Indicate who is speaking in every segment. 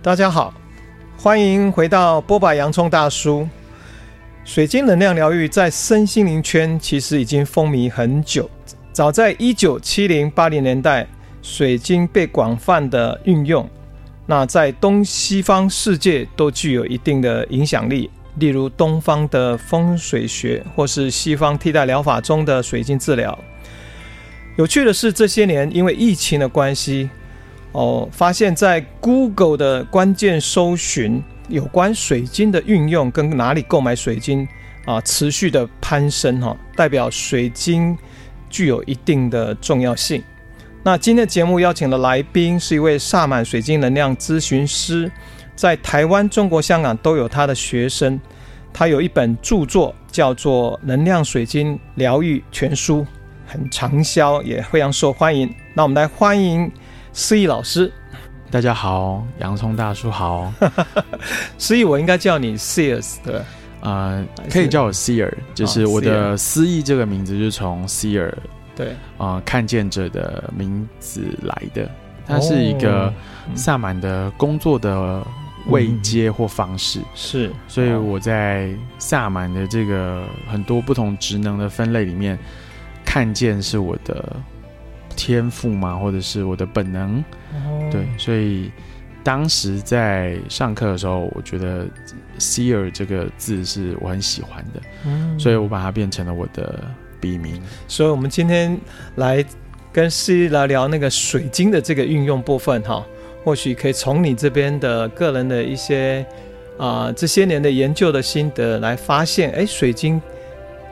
Speaker 1: 大家好，歡迎回到剝吧洋蔥大叔。水晶能量療癒在身心靈圈其實已經風靡很久，早在一九七零八零年代，水晶被廣泛的運用，那在東西方世界都具有一定的影響力。例如東方的風水學，或是西方替代療法中的水晶治療。有趣的是，這些年因為疫情的關係。哦，發現，在 Google 的關鍵搜尋，有關水晶的運用跟哪裡購買水晶啊，持續的攀升哈，哦，代表水晶具有一定的重要性。那今天的節目邀請的來賓是一位薩滿水晶能量諮詢師，在台灣、中國、香港都有他的學生。他有一本著作叫做《能量水晶療癒全書》，很暢銷，也非常受歡迎。那我們來歡迎。思逸老師，大家好，洋蔥大叔好。思逸，我應該叫你 Seer 對？
Speaker 2: 啊、呃，是可以叫我 Seer 就是我的思逸這個名字就是從 Seer, Seer 對啊、呃，看見者的名字來的。
Speaker 1: 它是一個
Speaker 2: 薩滿的工作的位階或方式是，哦、所以我在薩滿的這個很多不同職能的分類裡面，看見是我的。天賦嘛，或者是我的本能
Speaker 3: ，oh. 對，
Speaker 2: 所以當時在上課的時候，我覺得 “seer” 這個字是我很喜歡的，oh. 所以我把它變成了我的筆名。
Speaker 1: 所以，我們今天來跟思逸聊那個水晶的這個運用部分，哈，或許可以從你這邊的個人的一些啊、呃、這些年的研究的心得來發現，誒、欸，水晶。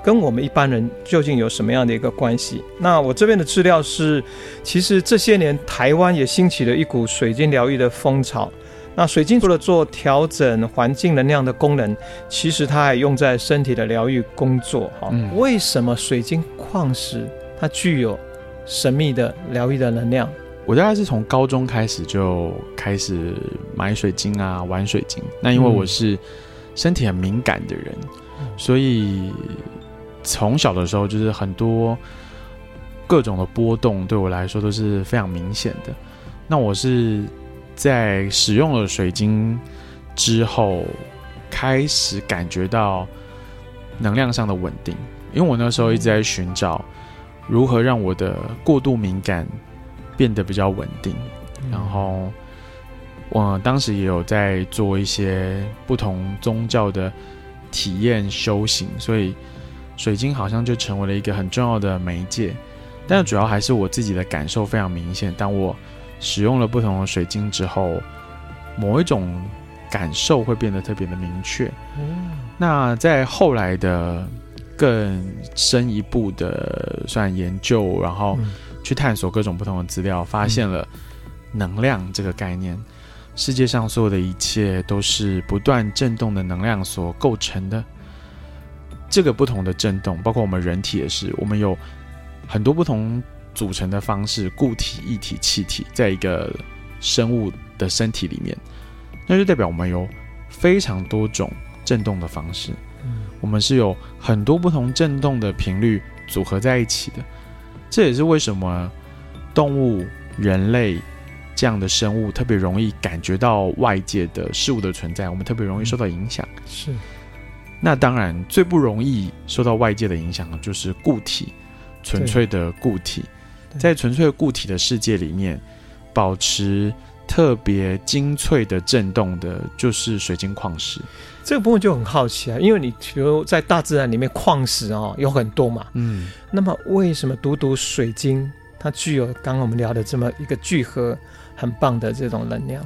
Speaker 1: 跟我們一般人究竟有什麼樣的一個關係？那我這邊的資料是，其實這些年台灣也興起了一股水晶療癒的風潮。那水晶除了做調整環境能量的功能，其實它還用在身體的療癒工作。哈、嗯，為什麼
Speaker 2: 水晶礦石它具有神秘的療癒的能量？我大概是從高中開始就開始買水晶啊，玩水晶。那因為我是身體很敏感的人，嗯、所以，從小的時候，就是很多各種的波動，對我來說都是非常明顯的。那我是在使用了水晶之後，開始感覺到能量上的穩定。因為我那時候一直在尋找如何讓我的過度敏感變得比較穩定，然後我當時也有在做一些不同宗教的體驗修行，所以。水晶好像就成為了一個很重要的媒介，但主要還是我自己的感受非常明顯。當我使用了不同的水晶之後，某一種感受會變得特別的明確。那在後來的更深一步的算研究，然後去探索各種不同的資料，發現了能量這個概念。世界上所有的一切都是不斷震動的能量所構成的。這個不同的振動，包括我們人體也是，我們有很多不同組成的方式，固體、液體、氣體，在一個生物的身體裡面，那就代表我們有非常多種振動的方式。我們是有很多不同振動的頻率組合在一起的，這也是為什麼動物、人類這樣的生物特別容易感覺到外界的事物的存在，我們特別容易受到影響。是。那當然，最不容易受到外界的影響就是固體，純粹的固體，在純粹的固體的世界裡面，保持特別精粹的振動的，就是水晶礦石。
Speaker 1: 這個部分就很好奇啊，因為你比如在大自然裡面礦石哦有很多嘛，嗯，那麼為什麼獨獨水晶它具有剛剛我們聊的這麼一個聚合很棒的這種能量？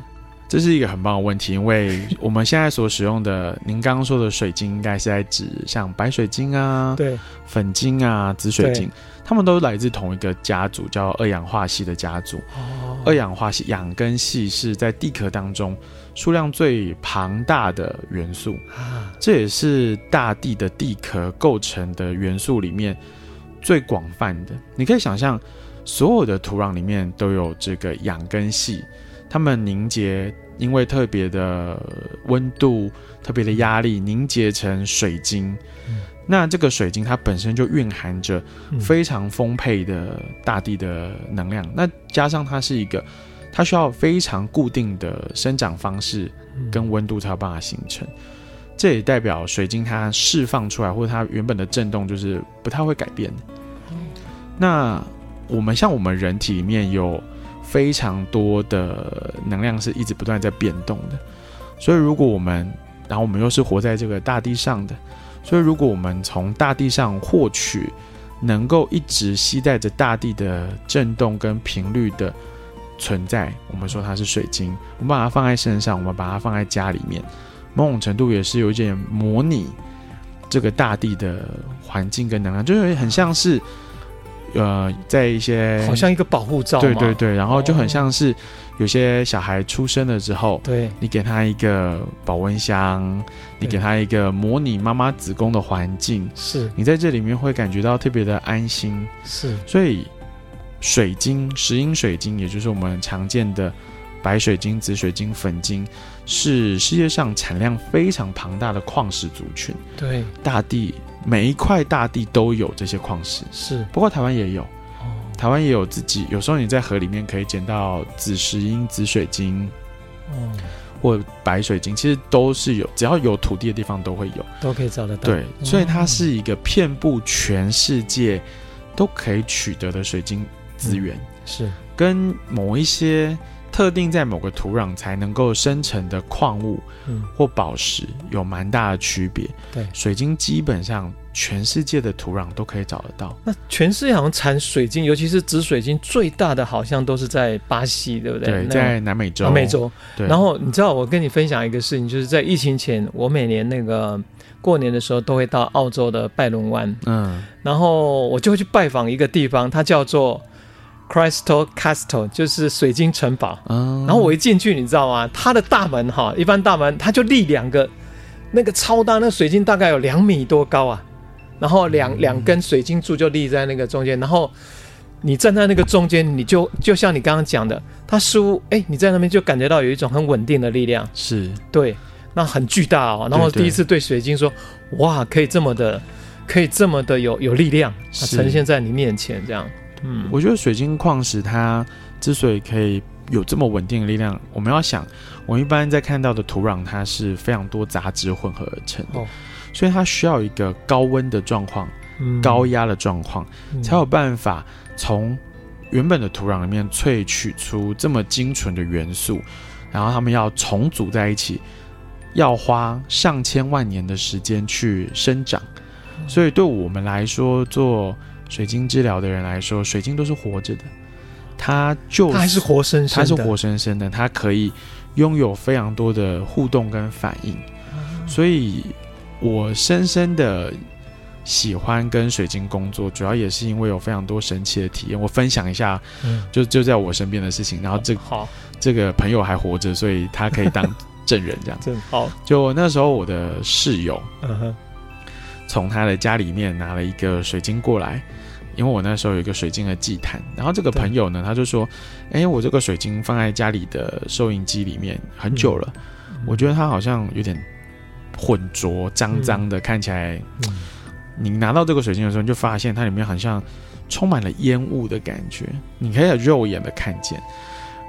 Speaker 2: 這是一個很棒的問題，因為我們現在所使用的，您剛剛說的水晶，應該是在指像白水晶啊，對，粉晶啊，紫水晶，對它們都來自同一個家族，叫二氧化矽的家族。哦，oh. 二氧化矽，氧跟矽是在地殼當中數量最龐大的元素。oh. 這也是大地的地殼構,構成的元素裡面最廣泛的。你可以想象，所有的土壤裡面都有這個氧跟矽。它們凝結，因為特別的溫度、特別的壓力凝結成水晶。那這個水晶它本身就蘊含着非常豐沛的大地的能量。那加上它是一個，它需要非常固定的生長方式跟溫度，才有辦法形成。這也代表水晶它釋放出來或者它原本的震動就是不太會改變。那我們像我們人體裡面有。非常多的能量是一直不斷在變動的，所以如果我們，然後我們又是活在這個大地上的，所以如果我們從大地上獲取能夠一直攜帶着大地的震動跟頻率的存在，我們說它是水晶，我們把它放在身上，我們把它放在家裡面，某種程度也是有一點模擬這個大地的環境跟能量，就是很像是。呃，在一些好像一
Speaker 1: 個保護罩，對對對，
Speaker 2: 然後就很像是有些小孩出生了之後，對，你給他一個保溫箱，對你給他一個模擬媽媽子宮的環境，是你在這裡面會感覺到特別的安心。是，所以水晶、石英水晶，也就是我們常見的白水晶、紫水晶、粉晶，是世界上產量非常龐大的礦石族群。對，大地。每一塊大地都有這些礦石，是。不過台灣也有，嗯、台灣也有自己。有時候你在河裡面可以撿到紫石英、紫水晶，嗯、或白水晶，其實都是有，只要有土地的地方都會有，都可以找得到。對，所以它是一個遍佈全世界，都可以取得的水晶資源、嗯嗯。是，跟某一些。特定在某個土壤才能夠生成的礦物或寶石，有蠻大的區別。對、嗯，水晶基本上全世界的土壤都可以找得到。那
Speaker 1: 全世界好像產水晶，尤其是紫水晶最大的好像都是在巴西，對不對？對，那在南美洲。南美洲。對。然後你知道我跟你分享一個事情，就是在疫情前，我每年那個過年的時候都會到澳洲的拜倫灣。嗯。然後我就會去拜訪一個地方，它叫做。Crystal Castle 就是水晶城堡，oh. 然後我一進去，你知道嗎？它的大門哈，一般大門它就立兩個，那個超大，那個水晶大概有兩米多高啊。然後兩兩根水晶柱就立在那個中間，嗯、然後你站在那個中間，你就就像你剛剛講的，它似乎哎、欸，你在那邊就感覺到有一種很穩定的力量，是對，那很巨大哦、喔。然後第一次對水晶說：“對對對，哇，可以這麼的，可以這麼的有有力量，它呈現在你面前這樣。”嗯，我
Speaker 2: 覺得水晶礦石它之所以可以有這麼穩定的力量，我們要想，我們一般在看到的土壤，它是非常多雜質混合而成的，所以它需要一個高溫的狀況，高壓的狀況，才有辦法從原本的土壤裡面萃取出這麼精純的元素，然後他們要重組在一起，要花上千萬年的時間去生長，所以對我們來說做。水晶治療的人來說，水晶都是活着的，他就是他還是活生生的，他是活生生的，他可以擁有非常多的互動跟反應，嗯、所以我深深的喜歡跟水晶工作，主要也是因為有非常多神奇的體驗。我分享一下就，嗯、就就在我身邊的事情，然後這好、個嗯、這個朋友還活着，所以他可以當證人這樣子。 好，就那時候我的室友，嗯哼從他的家裡面拿了一個水晶過來，因為我那時候有一個水晶的祭壇。然後這個朋友呢，對他就說：“哎、欸，我這個水晶放在家裡的收音機裡面很久了，嗯、我覺得它好像有點混濁、髒脏的，嗯、看起來。嗯”你拿到這個水晶的時候，你就發現它裡面好像充滿了煙霧的感覺，你可以有肉眼的看見。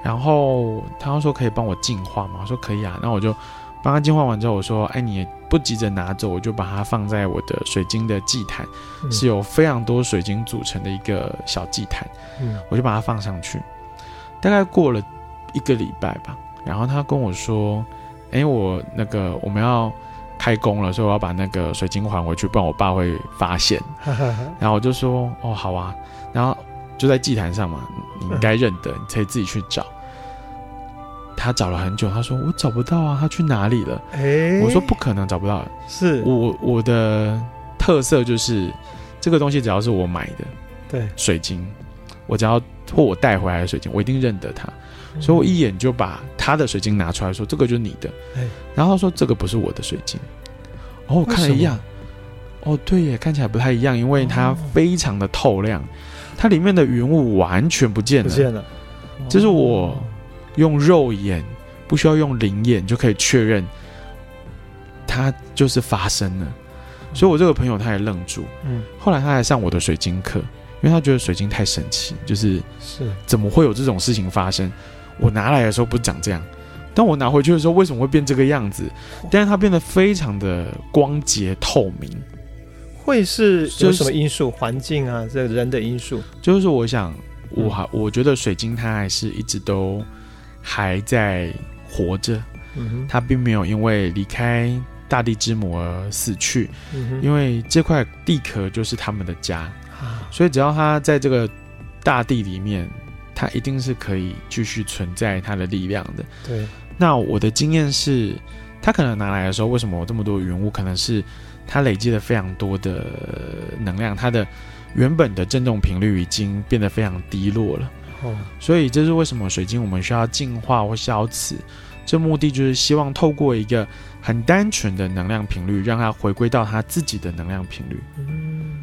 Speaker 2: 然後他說：“可以幫我淨化嗎？”我說：“可以啊。”那我就。幫他淨化完之後，我說：“哎、欸，你也不急着拿走，我就把它放在我的水晶的祭壇，嗯、是由非常多水晶組成的一個小祭壇，嗯，我就把它放上去。大概過了一個禮拜吧，然後他跟我說：‘哎、欸，我那個我們要開工了，所以我要把那個水晶還回去，不然我爸會發現。’然後我就說：‘哦，好啊。’然後就在祭壇上嘛，你應該認得，你可以自己去找。”他找了很久，他說我找不到啊，他去哪裡了？
Speaker 3: 哎、欸，我說不
Speaker 2: 可能找不到，是我我的特色就是，這個東西只要是我買的，對，水晶，我只要或我帶回來的水晶，我一定認得它，嗯、所以我一眼就把他的水晶拿出來說，這個就是你的，欸、然後他說這個不是我的水晶，哦，我看了一樣，哦，對耶，看起來不太一樣，因為它非常的透亮，哦、它裡面的雲霧完全不見了，不見了，就是我。哦。用肉眼不需要用靈眼就可以確認，它就是發生了。所以我這個朋友他也愣住，嗯，後來他還上我的水晶課，因為他覺得水晶太神奇，就是是怎麼會有這種事情發生？我拿來的時候不長這樣，但我拿回去的時候為什麼會變這個樣子？但是它變得非常的光潔透明，
Speaker 1: 會是有什麼
Speaker 2: 因素？就是、環境
Speaker 1: 啊，這人的因素？
Speaker 2: 就是我想，我還、嗯、我覺得水晶它還是一直都。還在活着，嗯哼，他並沒有因為離開大地之母而死去，嗯哼，因為這塊地殼就是他們的家、啊、所以只要他在這個大地裡面，他一定是可以繼續存在他的力量的。對，那我的經驗是，他可能拿來的時候，為什麼我這麼多雲霧？可能是他累積了非常多的能量，他的原本的震動頻率已經變得非常低落了。所以這是為什麼水晶我們需要淨化或消磁，這目的就是希望透過一個很單純的能量頻率，讓它回歸到它自己的能量頻率。嗯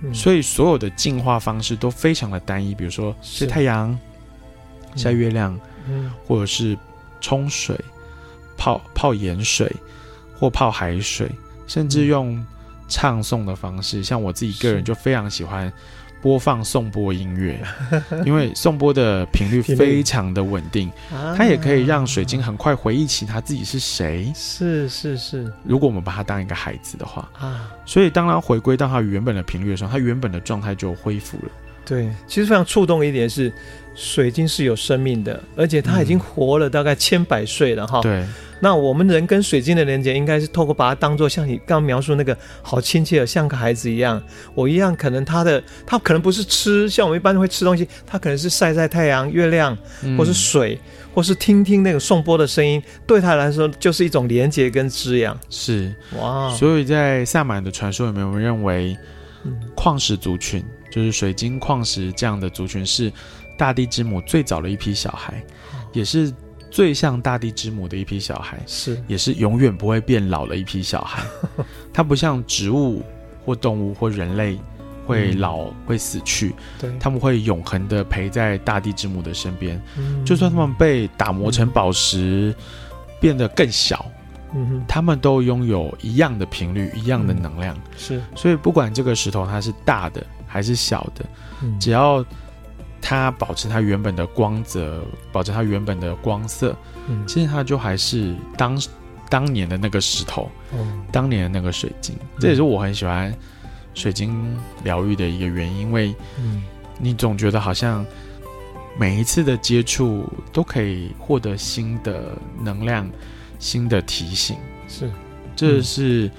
Speaker 2: 嗯、
Speaker 3: 所
Speaker 2: 以所有的淨化方式都非常的單一，比如說曬是太陽、曬月亮，嗯、或者是沖水、泡泡鹽水或泡海水，甚至用唱誦的方式，嗯、像我自己個人就非常喜歡。播放頌缽音樂，因為頌缽的頻率非常的穩定，它也可以讓水晶很快回憶起他自己是誰。是是是，如果我們把它當一個孩子的話啊，所以當他回歸到它原本的頻率的時候，它原本的狀態就恢復了。對，其實非常觸動一點是，水晶是有生命的，而
Speaker 1: 且它已經活了大概千百歲了哈。嗯、對，那我們人跟水晶的連接，應該是透過把它當做像你剛剛描述那個好親切的，像個孩子一樣。我一樣，可能它的它可能不是吃，像我們一般會吃東西，它可能是曬曬太陽、月亮，或是水，嗯、或是聽聽那個頌缽的聲音，對它來說就是一種連接跟滋養。是哇，Wow 所
Speaker 2: 以在薩滿的傳說裡面，我們認為，嗯、礦石族群。就是水晶礦石這樣的族群是大地之母最早的一批小孩，好也是最像大地之母的一批小孩，是也是永遠不會變老的一批小孩。它是 不像植物或動物或人類會老、嗯、會死去，對，他們會永恆的陪在大地之母的身邊。嗯、就算他們被打磨成寶石、嗯、變得更小，嗯哼，他們都擁有一樣的頻率，一樣的能量，嗯、是。所以不管這個石頭它是大的。還是小的，只要它保持它原本的光澤，保持它原本的光色，嗯，其實它就還是當當年的那個石頭，嗯，當年的那個水晶。這也是我很喜歡水晶療癒的一個原因，因為你總覺得好像每一次的接觸都可以獲得新的能量、新的提醒。是，嗯，這是。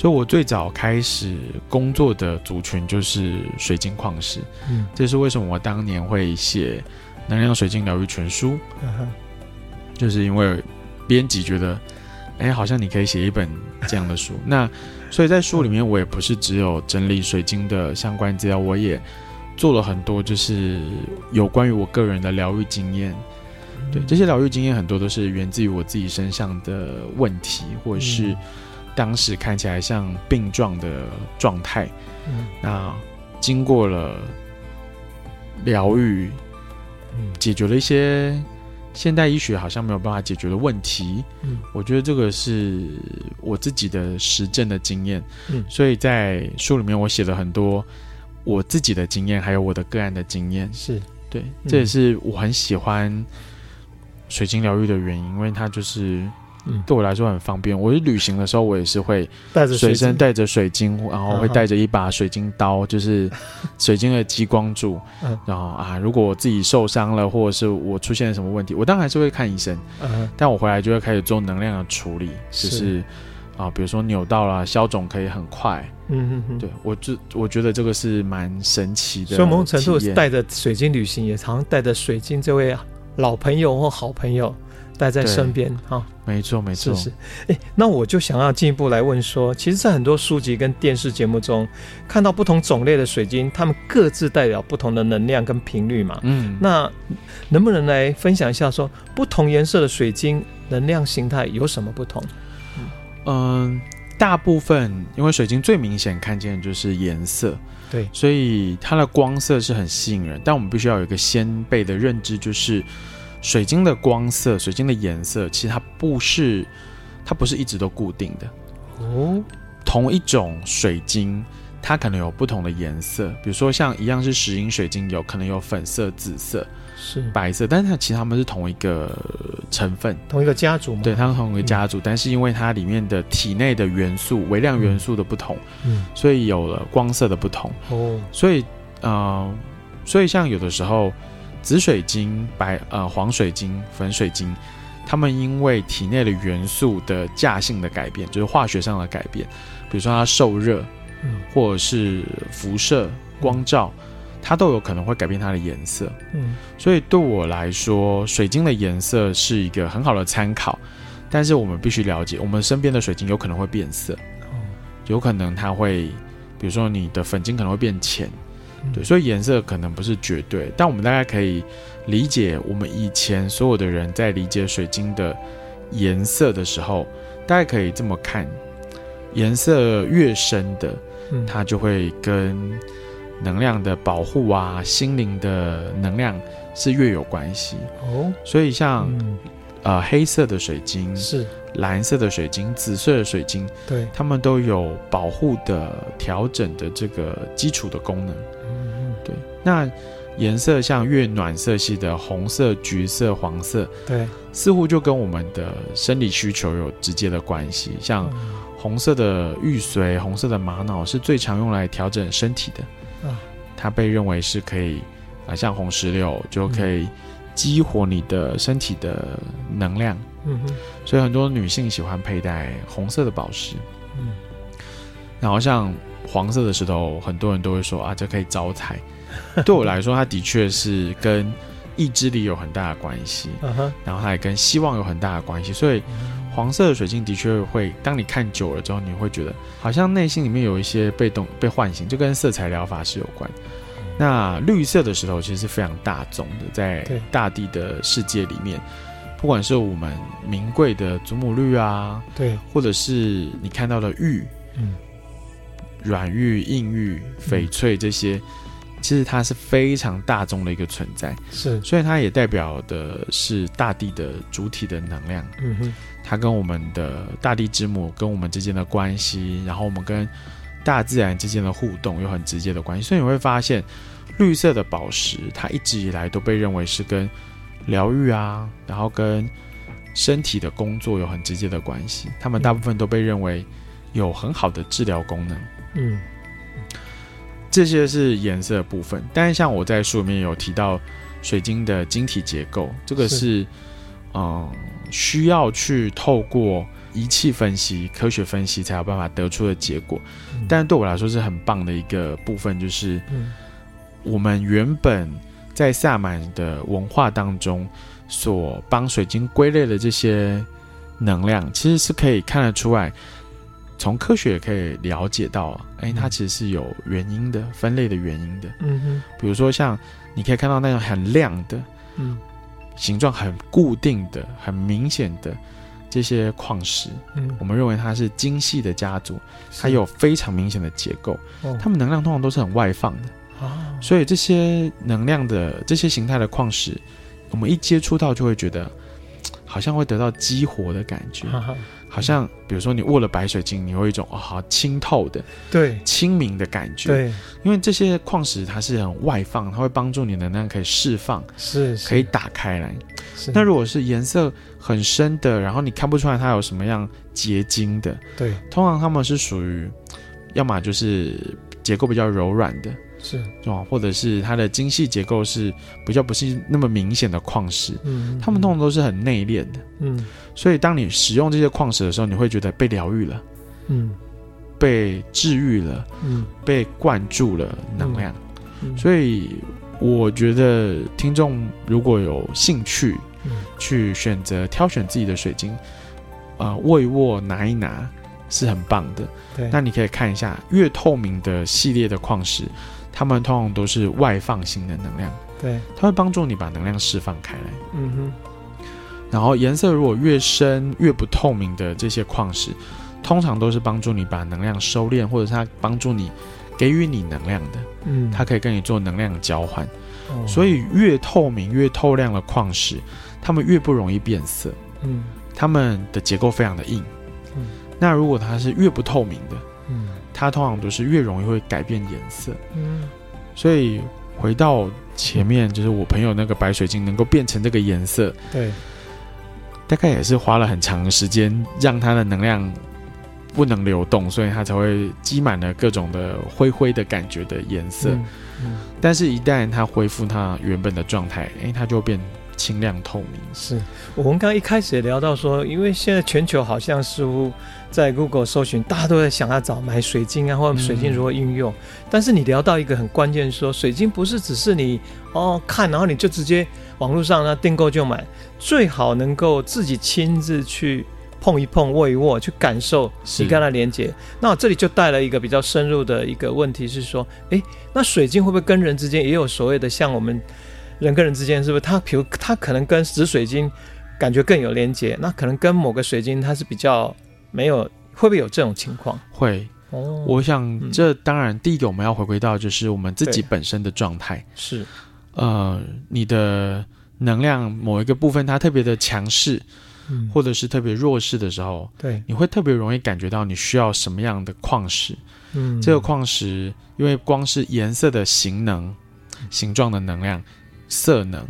Speaker 2: 所以，我最早開始工作的族群就是水晶礦石。嗯，這是為什麼我當年會寫《能量水晶療癒全書》嗯哼，就是因為編輯覺得，哎、欸，好像你可以寫一本這樣的書。嗯、哼那，所以在書裡面，我也不是只有整理水晶的相關資料，我也做了很多，就是有關於我個人的療癒經驗。嗯、對，這些療癒經驗很多都是源自於我自己身上的問題，或者是。當時看起來像病狀的狀態，嗯，那經過了療癒，嗯，解決了一些現代醫學好像沒有辦法解決的問題，嗯，我覺得這個是我自己的實證的經驗，嗯，所以在書裡面我寫了很多我自己的經驗，還有我的個案的經驗，是對，嗯，這也是我很喜歡水晶療癒的原因，因為它就是。嗯、對我來說很方便。我一旅行的時候，我也是會隨身帶着水晶，帶着水晶然後會帶着一把水晶刀，嗯、哼就是水晶的激光柱。嗯、然後啊，如果我自己受傷了，或者是我出現了什麼問題，我當然還是會看醫生。嗯、哼但我回來就會開始做能量的處理，是就是啊，比如說扭到了，消腫可以很快。嗯嗯對我就我覺得這個是蠻神奇的。所以某種程度是帶
Speaker 1: 着水晶旅行，也常帶着水晶這位老朋友或好朋友。帶在身邊好，對啊、沒錯沒錯，是，是。哎、欸，那我就想要進一步來問說，其實，在很多書籍跟電視節目中，看到不同種類的水晶，它們各自代表不同的能量跟頻率嘛。嗯，那能不能來分享一下說，說不同顏色的水晶能量形態有什麼不同？嗯，
Speaker 2: 大部分因為水晶最明顯看見的就是顏色，對，所以它的光色是很吸引人。但我們必須要有一個先備的認知，就是。水晶的光色，水晶的顏色，其實它不是，它不是一直都固定的。哦，同一種水晶，它可能有不同的顏色。比如說，像一樣是石英水晶有，有可能有粉色、紫色、
Speaker 1: 是
Speaker 2: 白色，但是它其實它們是同一個成分，同一個家族。對，它們同一個家族，嗯、但是因為它裡面的體內的元素、微量元素的不同，嗯，所以有了光色的不同。哦，所以，嗯、呃，所以像有的時候。紫水晶、白呃、黃水晶、粉水晶，它們因為體內的元素的價性的改變，就是化學上的改變，比如說它受熱，或者是輻射、光照，它都有可能會改變它的顏色。嗯，所以對我來說，水晶的顏色是一個很好的參考，但是我們必須了解，我們身邊的水晶有可能會變色，有可能它會，比如說你的粉晶可能會變淺。對，所以顏色可能不是絕對，嗯、但我們大家可以理解，我們以前所有的人在理解水晶的顏色的時候，大概可以這麼看：顏色越深的，它就會跟能量的保護啊、心靈的能量是越有關係哦。所以像、嗯、呃黑色的水晶是藍色的水晶、紫色的水晶，對，它們都有保護的、調整的這個基礎的功能。那顏色像越暖色系的紅色、橘色、黃色，對，似乎就跟我們的生理需求有直接的關係。像紅色的玉髓、紅色的瑪瑙是最常用來調整身體的，它被認為是可以，啊，像紅石榴就可以激活你的身體的能量，嗯，所以很多女性喜歡佩戴紅色的寶石，嗯，然後像黃色的石頭，很多人都會說啊，這可以招財。 對我來說，它的確是跟意志力有很大的關係，uh huh. 然後它也跟希望有很大的關係，所以黃色的水晶的確會，當你看久了之後，你會覺得好像內心裡面有一些被動被喚醒，就跟色彩療法是有關。Uh huh. 那綠色的石頭其實是非常大眾的，在大地的世界裡面，對不管是我們名貴的祖母綠啊，對，或者是你看到的玉，
Speaker 3: 嗯，
Speaker 2: 軟玉、硬玉、翡翠、嗯、翡翠這些。其實它是非常大眾的一個存在，是，所以它也代表的是大地的主體的能量，嗯哼，它跟我們的大地之母跟我們之間的關係，然後我們跟大自然之間的互動有很直接的關係，所以你會發現，綠色的寶石它一直以來都被認為是跟療癒啊，然後跟身體的工作有很直接的關係，它們大部分都被認為有很好的治療功能，嗯。嗯這些是顏色的部分，但是像我在書裡面有提到，水晶的晶體結構，這個是，是嗯需要去透過儀器分析、科學分析才有辦法得出的結果。嗯、但對我來說是很棒的一個部分，就是、嗯、我們原本在薩滿的文化當中所幫水晶歸類的這些能量，其實是可以看得出來。從科學也可以了解到，哎、欸，嗯、它其實是有原因的，分類的原因的。
Speaker 3: 嗯、
Speaker 2: 哼比如說像你可以看到那種很亮的，嗯，形狀很固定的、很明顯的這些礦石，嗯、我們認為它是精細的家族，它有非常明顯的結構，是它們能量通常都是很外放的。哦、所以這些能量的這些形態的礦石，我們一接觸到就會覺得，好像會得到激活的感覺。哈哈好像比如說你握了白水晶，你有一種，哦，好清透的，對，清明的感覺。對，因為這些礦石它是很外放，它會幫助你能量可以釋放，是，是可以打開來。是那如果是顏色很深的，然後你看不出來它有什麼樣結晶的，對，通常他們是屬於要麼就是結構比較柔軟的。是啊，或者是它的精細結構是比較不是那麼明顯的礦石，嗯，嗯，它們通常都是很內斂的，嗯，所以當你使用這些礦石的時候，你會覺得被療癒了，嗯，被治癒了，嗯，被灌注了能量，所以我覺得聽眾如果有興趣，嗯，去選擇挑選自己的水晶，啊，呃，握一握，拿一拿，是很棒的，對，那你可以看一下越透明的系列的礦石。它們通常都是外放性的能量，對，它會幫助你把能量釋放開來。嗯
Speaker 3: 哼，
Speaker 2: 然後顏色如果越深、越不透明的這些礦石，通常都是幫助你把能量收斂，或者是它幫助你給予你能量的。嗯，它可以跟你做能量交換。哦，所以越透明、越透亮的礦石，它們越不容易變色。嗯，它們的結構非常的硬。嗯，那如果它是越不透明的。它通常都是越容易會改變顏色，嗯，所以回到前面，就是我朋友那個白水晶能夠變成這個顏色，對，大概也是花了很長的時間，讓它的能量不能流動，所以它才會積滿了各種的灰灰的感覺的顏色。嗯，嗯，但是，一旦它恢復它原本的狀態，誒，它就變清亮透明。是，我們剛剛一開始也聊到
Speaker 1: 說，因為現在全球好像似乎。
Speaker 2: 在 Google 搜尋，
Speaker 1: 大家都在想要找買水晶啊，或者水晶如何運用。嗯、但是你聊到一個很關鍵說，說水晶不是只是你哦看，然後你就直接網絡上呢、啊、訂購就買，最好能夠自己親自去碰一碰、握一握，去感受你跟他連接。是那我這裡就帶了一個比較深入的一個問題是說誒，那水晶會不會跟人之間也有所謂的，像我們人跟人之間是不是？它比如它可能跟紫水晶感覺更有連接，那可能跟某個水晶它是比較。沒有，會不會有這種
Speaker 2: 情況？會，oh, 我想這當然。第一個，我們要回歸到就是我們自己本身的狀態。是，呃，你的能量某一個部分它特別的強勢，嗯、或者是特別弱勢的時候，對，你會特別容易感覺到你需要什麼樣的礦石。嗯、這個礦石，因為光是顏色的形能、形狀的能量、色能，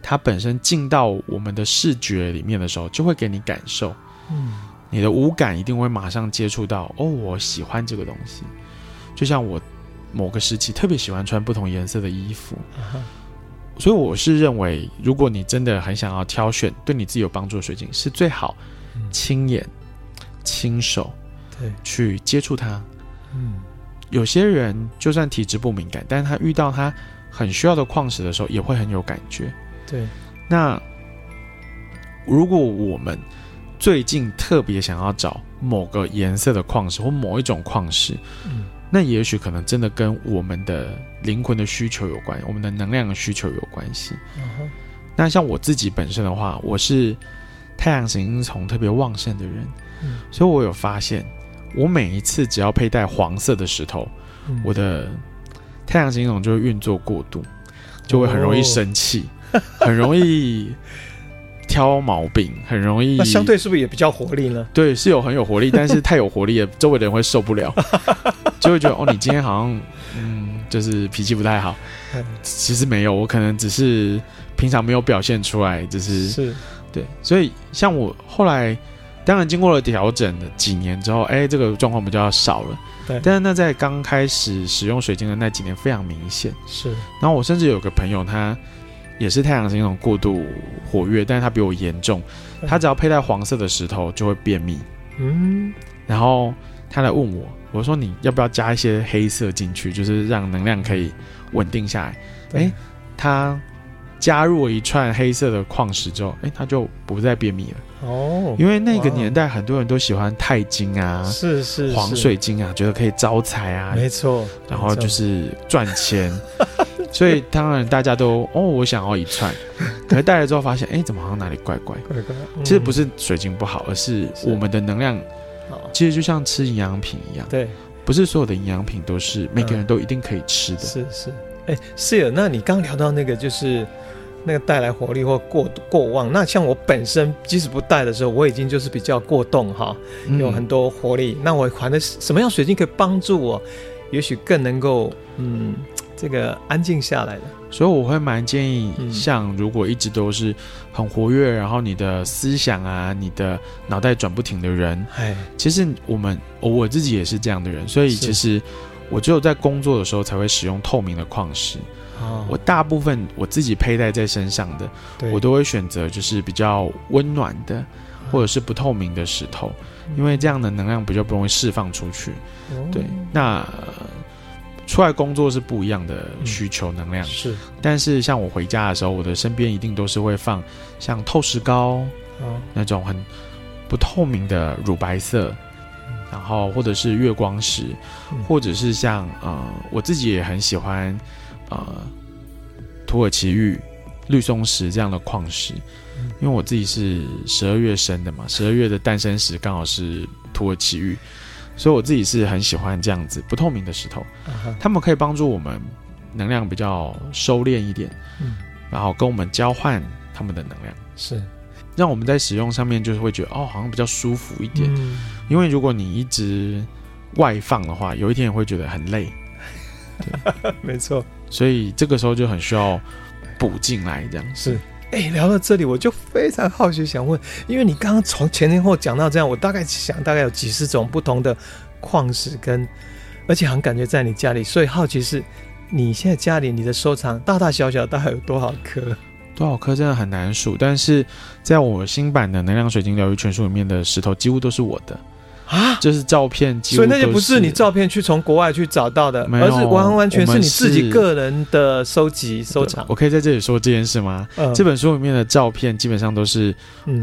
Speaker 2: 它本身進到我們的視覺裡面的時候，就會給你感受。嗯。你的五感一定會馬上接觸到哦，我喜歡這個東西。就像我某個時期特別喜歡穿不同顏色的衣服，uh huh. 所以我是認為，如果你真的很想要挑選對你自己有幫助的水晶，是最好親眼、嗯、親手對去接觸它。嗯，有些人就算體質不敏感，但是他遇到他很需要的礦石的時候，也會很有感覺。對，那如果我們。最近特別想要找某個顏色的礦石或某一種礦石，嗯、那也許可能真的跟我們的靈魂的需求有關，我們的能量的需求有關係。嗯、哼那像我自己本身的話，我是太陽神經叢特別旺盛的人，嗯、所以我有發現，我每一次只要佩戴黃色的石頭，嗯、我的太陽神經叢就會運作過度，就會很容易生氣，哦、很容易。 挑毛病很容易，那相
Speaker 1: 對是不是也比較活力呢？
Speaker 2: 對，是有很有活力，但是太有活力了， 周圍的人會受不了，就會覺得哦，你今天好像嗯，就是脾氣不太好。嗯、其實沒有，我可能只是平常沒有表現出來，就是是對。所以像我後來，當然經過了調整的幾年之後，哎，這個狀況比較少了。對，但是那在剛開始使用水晶的那幾年，非常明顯。是，然後我甚至有個朋友他。也是太陽星那種過度活躍，但是他比我嚴重。他只要佩戴黃色的石頭就會便秘。嗯，然後他來問我，我說，你要不要加一些黑色進去，就是讓能量可以穩定下來。他對、欸、加入了一串黑色的礦石之後，哎、欸，他就不再便秘
Speaker 1: 了。哦，因為那個年
Speaker 2: 代很多人都喜歡鈦金啊，是
Speaker 1: 是，是黃水
Speaker 2: 晶啊，覺得可以招財啊，沒
Speaker 1: 錯錯，然後就
Speaker 2: 是賺錢。錯 所以當然大家都哦，我想要一串，可是戴了之後發現，哎、欸，怎麼好像哪裡怪怪？怪怪嗯、其實不是水晶不好，而是我們的能量，哦、其實就像吃營養品一樣，對，不是所有的營養品都是每個人都一定可以吃的。嗯、是是，
Speaker 1: 哎、欸，是的，那你剛聊到那個就是那個帶來活力或過過旺，那像我本身即使不戴的時候，我已經就是比較過動哈，有很多活力。嗯、那我還的是什麼樣水晶可以幫助我，也許更能夠嗯。這個安靜下來的，
Speaker 2: 所以我會蠻建議，像如果一直都是很活躍，嗯、然後你的思想啊，你的腦袋轉不停的人，嘿其實我們、哦、我自己也是這樣的人，所以其實我只有在工作的時候才會使用透明的礦石，哦、我大部分我自己佩戴在身上的，對我都會選擇就是比較溫暖的，啊、或者是不透明的石頭，嗯、因為這樣的能量比較不容易釋放出去，哦、對，那。出來工作是不一樣的需求能量，嗯、是，但是像我回家的時候，我的身邊一定都是會放像透石膏，哦、那種很不透明的乳白色，嗯、然後或者是月光石，嗯、或者是像呃我自己也很喜歡呃土耳其玉、綠松石這樣的礦石，嗯、因為我自己是十二月生的嘛，十二月的誕生石剛好是土耳其玉。所以我自己是很喜歡這樣子不透明的石頭，uh huh. 他們可以幫助我們能量比較收斂一點，uh huh. 然後跟我們交換他們的能量，是、uh huh. 讓我們在使用上面就是會覺得哦，好像比較舒服一點。Uh huh. 因為如果你一直外放的話，有一天也會覺得很累。
Speaker 1: 對，沒錯，
Speaker 2: 所以這個時候就很需要補進來，這樣、uh huh. 是。
Speaker 1: 哎、欸，聊到這裡我就非常好奇，想問，因為你剛剛從前前後後講到這樣，我大概想大概有幾十種不同的礦石跟，而且很感覺在你家裡，所以好奇是，你現在家裡你的收藏大大小小大概有多少顆？
Speaker 2: 多少顆真的很難數，但是在我新版的《能量水晶療癒全書》裡面的石頭幾乎都是我的。啊，哈就是照片是，所以那些不是你
Speaker 1: 照片去從國外去找到的，有而是完完全是你自己個
Speaker 2: 人的收集收藏。我可以在這裡說這件事嗎？嗯、這本書裡面的照片基本上都是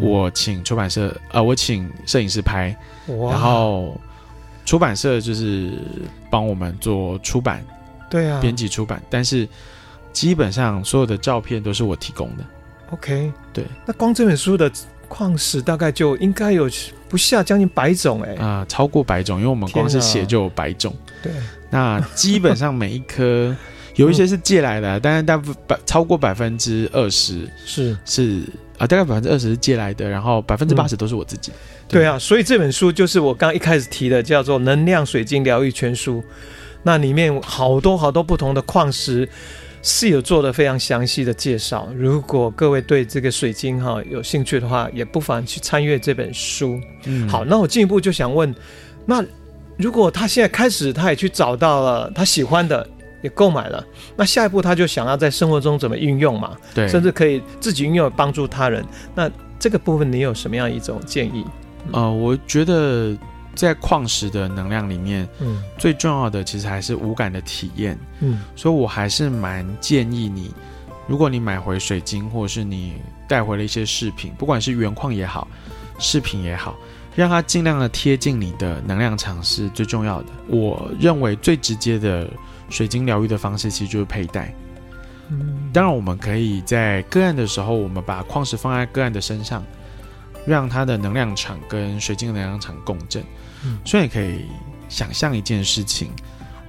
Speaker 2: 我請出版社啊、嗯呃，我請攝影師拍，哇然後出版社就是幫我們做出版，
Speaker 1: 對啊，編
Speaker 2: 輯出版。但是基本上所有的照片都是我提供的。OK，對。
Speaker 1: 那光這本書的礦石大概就
Speaker 2: 應該有。不下將近百種哎、欸、啊、呃，超過百種，因為我們光是寫就有百種。對哪，那基本上每一顆， 有一些是借來的，嗯、但是大百超過百分之二十是是啊、呃，大概百分之二十是借來的，然後百分之八十都是我自己。嗯、
Speaker 1: 對，對啊，所以這本書就是我剛，剛一開始提的，叫做《能量水晶療癒全書》，那裡面好多好多不同的礦石。是有做的非常詳細的介紹，如果各位對這個水晶哈有興趣的話，也不妨去參閱這本書。嗯，好，那我進一步就想問，那如果他現在開始他也去找到了他喜歡的，也購買了，那下一步他就想要在生活中怎麼運用嘛？對，甚至可以自己運用幫助他人，那這個部分你有什麼樣一種建議？啊、嗯
Speaker 2: 呃，我覺得。在礦石的能量裡面，嗯，最重要的其實還是無感的體驗。嗯，所以我還是蠻建議你，如果你買回水晶，或是你帶回了一些飾品，不管是原礦也好，飾品也好，讓它儘量的貼近你的能量場是最重要的。我認為最直接的水晶療癒的方式其實就是佩戴。嗯，當然我們可以在個案的時候，我們把礦石放在個案的身上，讓它的能量場跟水晶的能量場共振。嗯、所以你可以想象一件事情，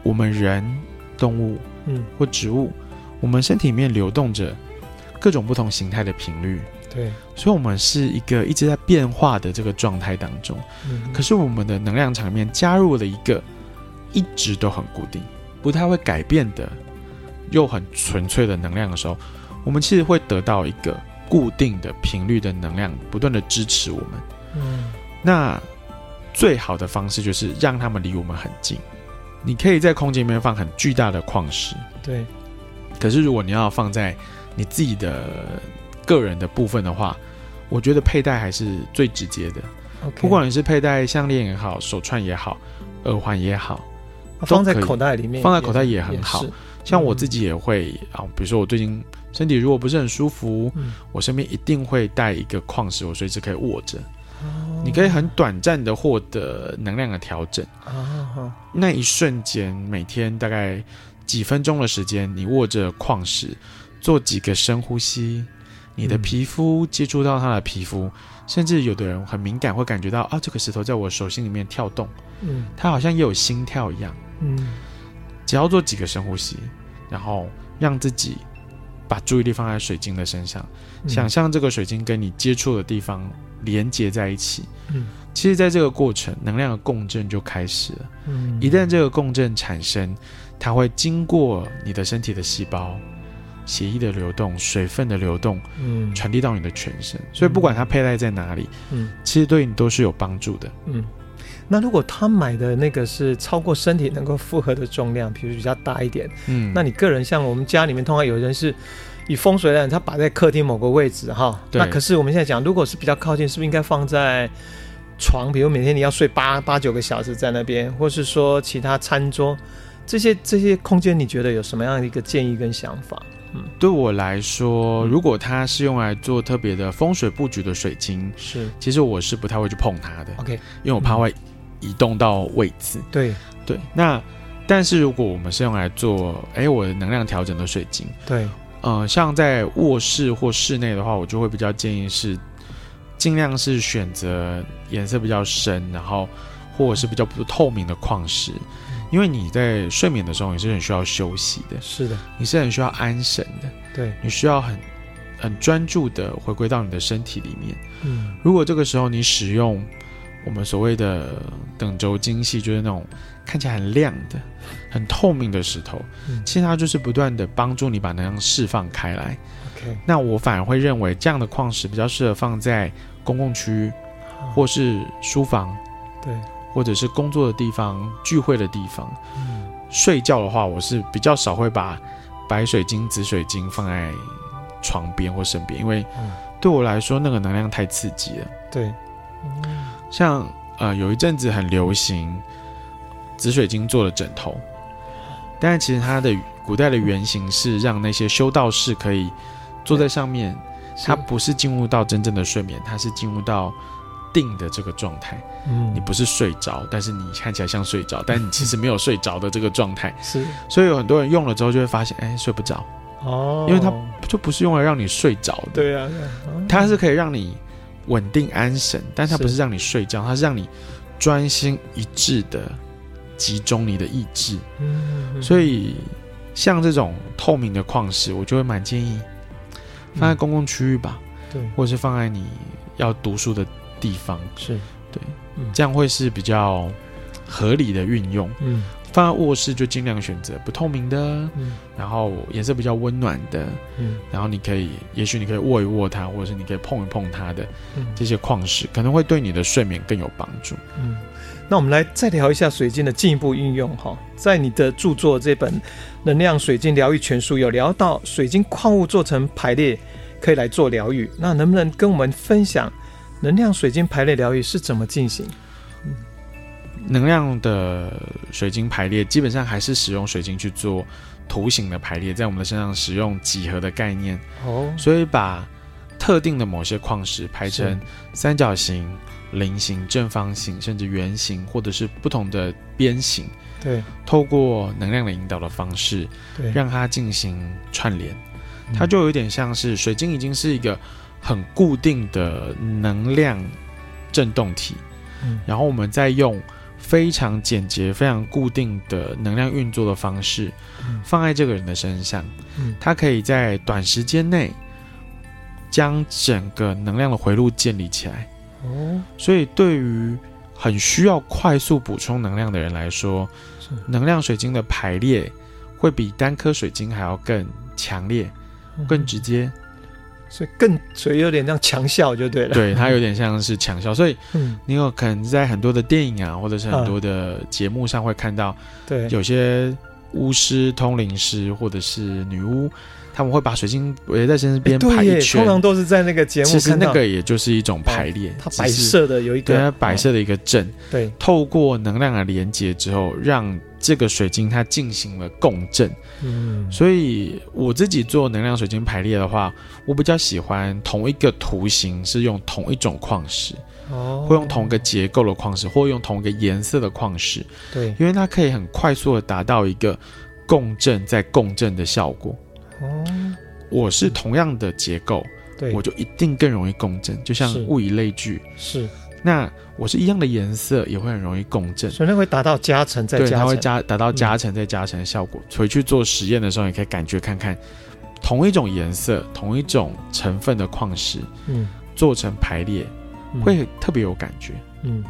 Speaker 2: 我們人、動物、嗯，或植物，我們身體裡面流動着各種不同形態的頻率。
Speaker 3: 對，
Speaker 2: 所以我們是一個一直在變化的這個狀態當中。嗯、哼可是我們的能量場面加入了一個一直都很固定、不太會改變的，又很純粹的能量的時候，我們其實會得到一個固定的頻率的能量，不斷的支持我們。嗯，那。最好的方式就是讓他們離我們很近。你可以在空間裡面放很巨大的礦石，
Speaker 1: 對。
Speaker 2: 可是如果你要放在你自己的個人的部分的話，我覺得佩戴還是最直接的。Okay 不管你是佩戴項鏈也好，手串也好，耳環也好、啊，放在口袋裡面，放在口袋也很好。像我自己也會啊，比如說我最近身體如果不是很舒服，嗯、我身邊一定會帶一個礦石，我隨時可以握着。你可以很短暫的獲得能量的調整 oh, oh, oh. 那一瞬間，每天大概幾分鐘的時間，你握着礦石，做幾個深呼吸，你的皮膚接觸到它的皮膚，嗯，甚至有的人很敏感，會感覺到啊，這個石頭在我手心裡面跳動，嗯，它好像也有心跳一樣，嗯，只要做幾個深呼吸，然後讓自己把注意力放在水晶的身上，嗯，想象這個水晶跟你接觸的地方。連接在一起，嗯，其實在這個過程，能量的共振就開始了，嗯，一旦這個共振產生，它會經過你的身體的細胞、血液的流動、水分的流動，嗯，傳遞到你的全身，所以不管它佩戴在哪裡，嗯，其實對你都是有幫助的，嗯。
Speaker 1: 那如果他買的那個是超過身體能夠負荷的重量，比如比較大一點，嗯，那你個人像我們家裡面通常有人是。以風水來講它擺在客廳某個位置，哈，對那可是我們現在講，如果是比較靠近，是不是應該放在床？比如每天你要睡八八九個小時在那邊，或是說其他餐桌這些這些空間，你覺得有什麼樣的一個建議跟想法？嗯，
Speaker 2: 對我來說，如果它是用來做特別的風水布局的水晶，是，其實我是不太會去碰它的，OK，因為我怕會移動到位置。嗯、對對，那但是如果我們是用來做，哎，我的能量調整的水晶，對。呃，像在臥室或室內的話，我就會比較建議是，盡量是選擇顏色比較深，然後或者是比較不透明的礦石，因為你在睡眠的時候你是很需要休息的，是的，你是很需要安神的，對，你需要很很專注的回歸到你的身體裡面。嗯，如果這個時候你使用。我們所謂的等軸晶系，就是那種看起來很亮的很透明的石頭，嗯、其實它就是不斷的幫助你把能量釋放開來。Okay. 那我反而會認為這樣的礦石比較適合放在公共區，嗯、或是書房，對，或者是工作的地方，聚會的地方。嗯、睡覺的話，我是比較少會把白水晶、紫水晶放在床邊或身邊，因為對我來說，那個能量太刺激了。對。嗯像呃，有一陣子很流行紫水晶做的枕頭，但是其實它的古代的原型是讓那些修道士可以坐在上面，嗯、它不是進入到真正的睡眠，它是進入到定的這個狀態。嗯，你不是睡着，但是你看起來像睡着，但你其實沒有睡着的這個狀態。是，所以有很多人用了之後就會發現，哎，睡不着。
Speaker 1: 哦，因為它
Speaker 2: 就不是用來讓你睡着的。對
Speaker 1: 啊，嗯、它
Speaker 2: 是可以讓你。穩定安神，但它不是讓你睡覺，是它是讓你專心一致的集中你的意志。嗯嗯，所以像這種透明的礦石，我就會蠻建議放在公共區域吧，嗯，對，或者是放在你要讀書的地方，是對，嗯，這樣會是比較合理的運用。嗯。放在臥室就盡量選擇不透明的，嗯，然後顏色比較溫暖的，嗯，然後你可以，也許你可以握一握它，或者是你可以碰一碰它的，嗯，這些礦石，可能會對你的睡眠更有幫助，嗯。那我們來再聊一下
Speaker 1: 水晶的進一步運用哈，哦，在你的著作這本《能量水晶療癒全書》有聊到水晶礦物做成排列可以來做療癒，那能不能跟我們分享能量水晶排列療癒是怎麼進行？
Speaker 2: 能量的水晶排列，基本上還是使用水晶去做圖形的排列，在我們的身上使用幾何的概念，哦，oh. 所以把特定的某些礦石排成三角形、是，菱形、正方形，甚至圓形，或者是不同的邊形，對，透過能量的引導的方式，對，讓它進行串聯，嗯，它就有點像是水晶已經是一個很固定的能量振動體，嗯，然後我們再用。非常簡潔、非常固定的能量運作的方式，
Speaker 3: 嗯、
Speaker 2: 放在這個人的身上，嗯、他可以在短時間內將整個能量的回路建立起來。哦、所以對於很需要快速補充能量的人來說，是能量水晶的排列會比單顆水晶還要更強烈、嗯、更直接。
Speaker 1: 所以更，所以有點像強效就對了，對，它
Speaker 2: 有點像是強效，所以嗯，你有可能在很多的電影啊，或者是很多的節目上會看到，對，有些巫師、通靈師或者是女巫，他們會把水晶圍在身邊排一圈，欸，通常都是
Speaker 1: 在那個節目，其實那個
Speaker 2: 也就是一種排列，白色、啊、的有一個對，它白色的一個陣、啊，對，透過能量的連接之後讓。這個水晶它進行了共振，嗯，所以我自己做能量水晶排列的話，我比較喜歡同一個圖形是用同一種礦石，
Speaker 3: 哦，或用同一個
Speaker 2: 結構的礦石，或用同一個顏色的礦石，對，因為它可以很快速地達到一個共振，再共振的效果，哦，我是同樣的結構，對，我就一定更容易共振，就像物以類聚，是。是那我是一樣的顏色，也會很容易共振，所以會達到加成再加成，對，它會加達到加成再加成的效果。嗯、回去做實驗的時候，你可以感覺看看，同一種顏色、同一種成分的礦石，嗯，做成排列，嗯、會特別有感覺，嗯。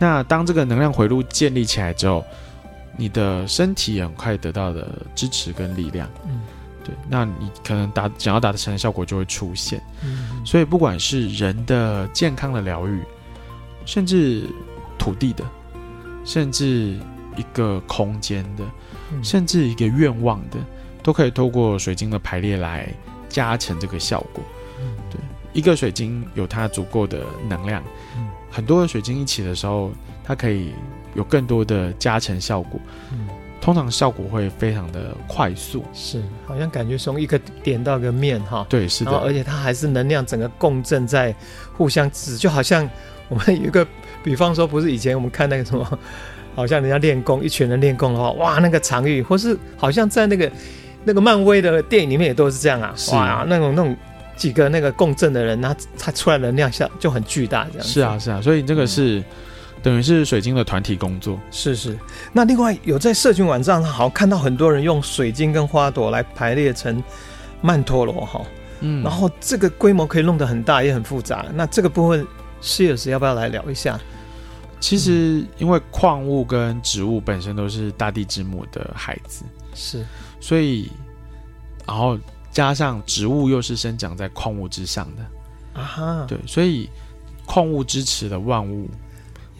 Speaker 2: 那當這個能量回路建立起來之後，你的身體也很快得到的支持跟力量，嗯，對，那你可能達想要達成的效果就會出現，嗯，嗯。所以不管是人的健康的療癒。甚至土地的，甚至一個空間的，嗯、甚至一個願望的，都可以透過水晶的排列來加成這個效果。嗯、對，一個水晶有它足夠的能量，嗯、很多的水晶一起的時候，它可以有更多的加成效果。嗯、通常效果會非常的快速，是
Speaker 1: 好像感覺從一個點到一個面哈。對，是的，而且它還是能量整個共振在互相支持，就好像。我們有一個，比方說，不是以前我們看那個什麼，好像人家練功，一群人練功的話，哇，那個場域，或是好像在那個那個漫威的電影裡面也都是這樣啊，是哇，那種那種幾個那個共振的人，他他出來的能量像就很巨大，這樣。是
Speaker 2: 啊，是啊，所以這個是、嗯、等於是水晶的團體工作。是是，
Speaker 1: 那另外有在社群網站上，好像看到很多人用水晶跟花朵來排列成曼陀羅哈，嗯，然後這個規模可以弄得很大，也很複雜。那這個部分。思逸師，要不要來聊一下？
Speaker 2: 其實，因為礦物跟植物本身都是大地之母的孩子，是，所以，然後加上植物又是生長在礦物之上的，啊哈對，所以礦物支持的萬物，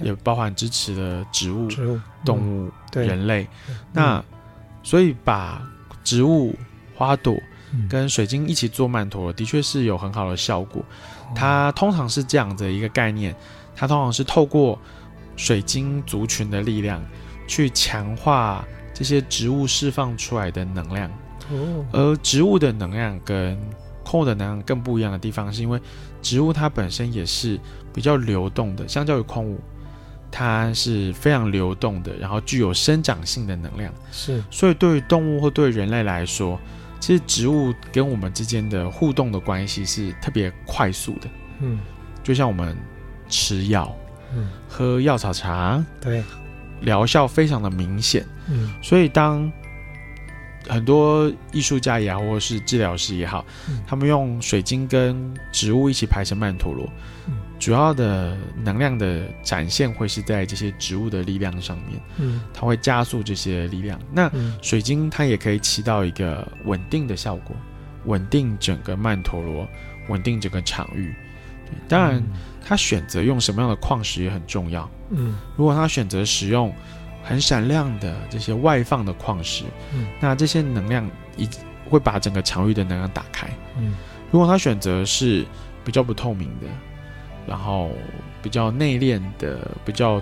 Speaker 2: 要也包含支持的植物、植物、動物、嗯、對人類，嗯、那所以把植物、花朵、嗯、跟水晶一起做曼陀羅，的確是有很好的效果。它通常是這樣的一個概念，它通常是透過水晶族群的力量去強化這些植物釋放出來的能量。哦，而植物的能量跟礦物的能量更不一樣的地方，是因為植物它本身也是比較流動的，相較於礦物，它是非常流動的，然後具有生長性的能量。是，所以對於動物或對人類來說，其實植物跟我們之間的互動的關係是特別快速的，嗯，就像我們吃藥，嗯，喝藥草茶，對，療效非常的明顯，嗯，所以當很多藝術家也好，或者是治療師也好，嗯，他們用水晶跟植物一起排成曼陀羅。嗯。主要的能量的展現會是在這些植物的力量上面，嗯，它會加速這些力量。那水晶它也可以起到一個穩定的效果，穩定整個曼陀羅，穩定整個場域。對，當然他選擇用什麼樣的礦石也很重要。嗯，如果他選擇使用很閃亮的這些外放的礦石，嗯，那這些能量會把整個場域的能量打開。嗯，如果他選擇是比較不透明的。然後比較內斂的、比較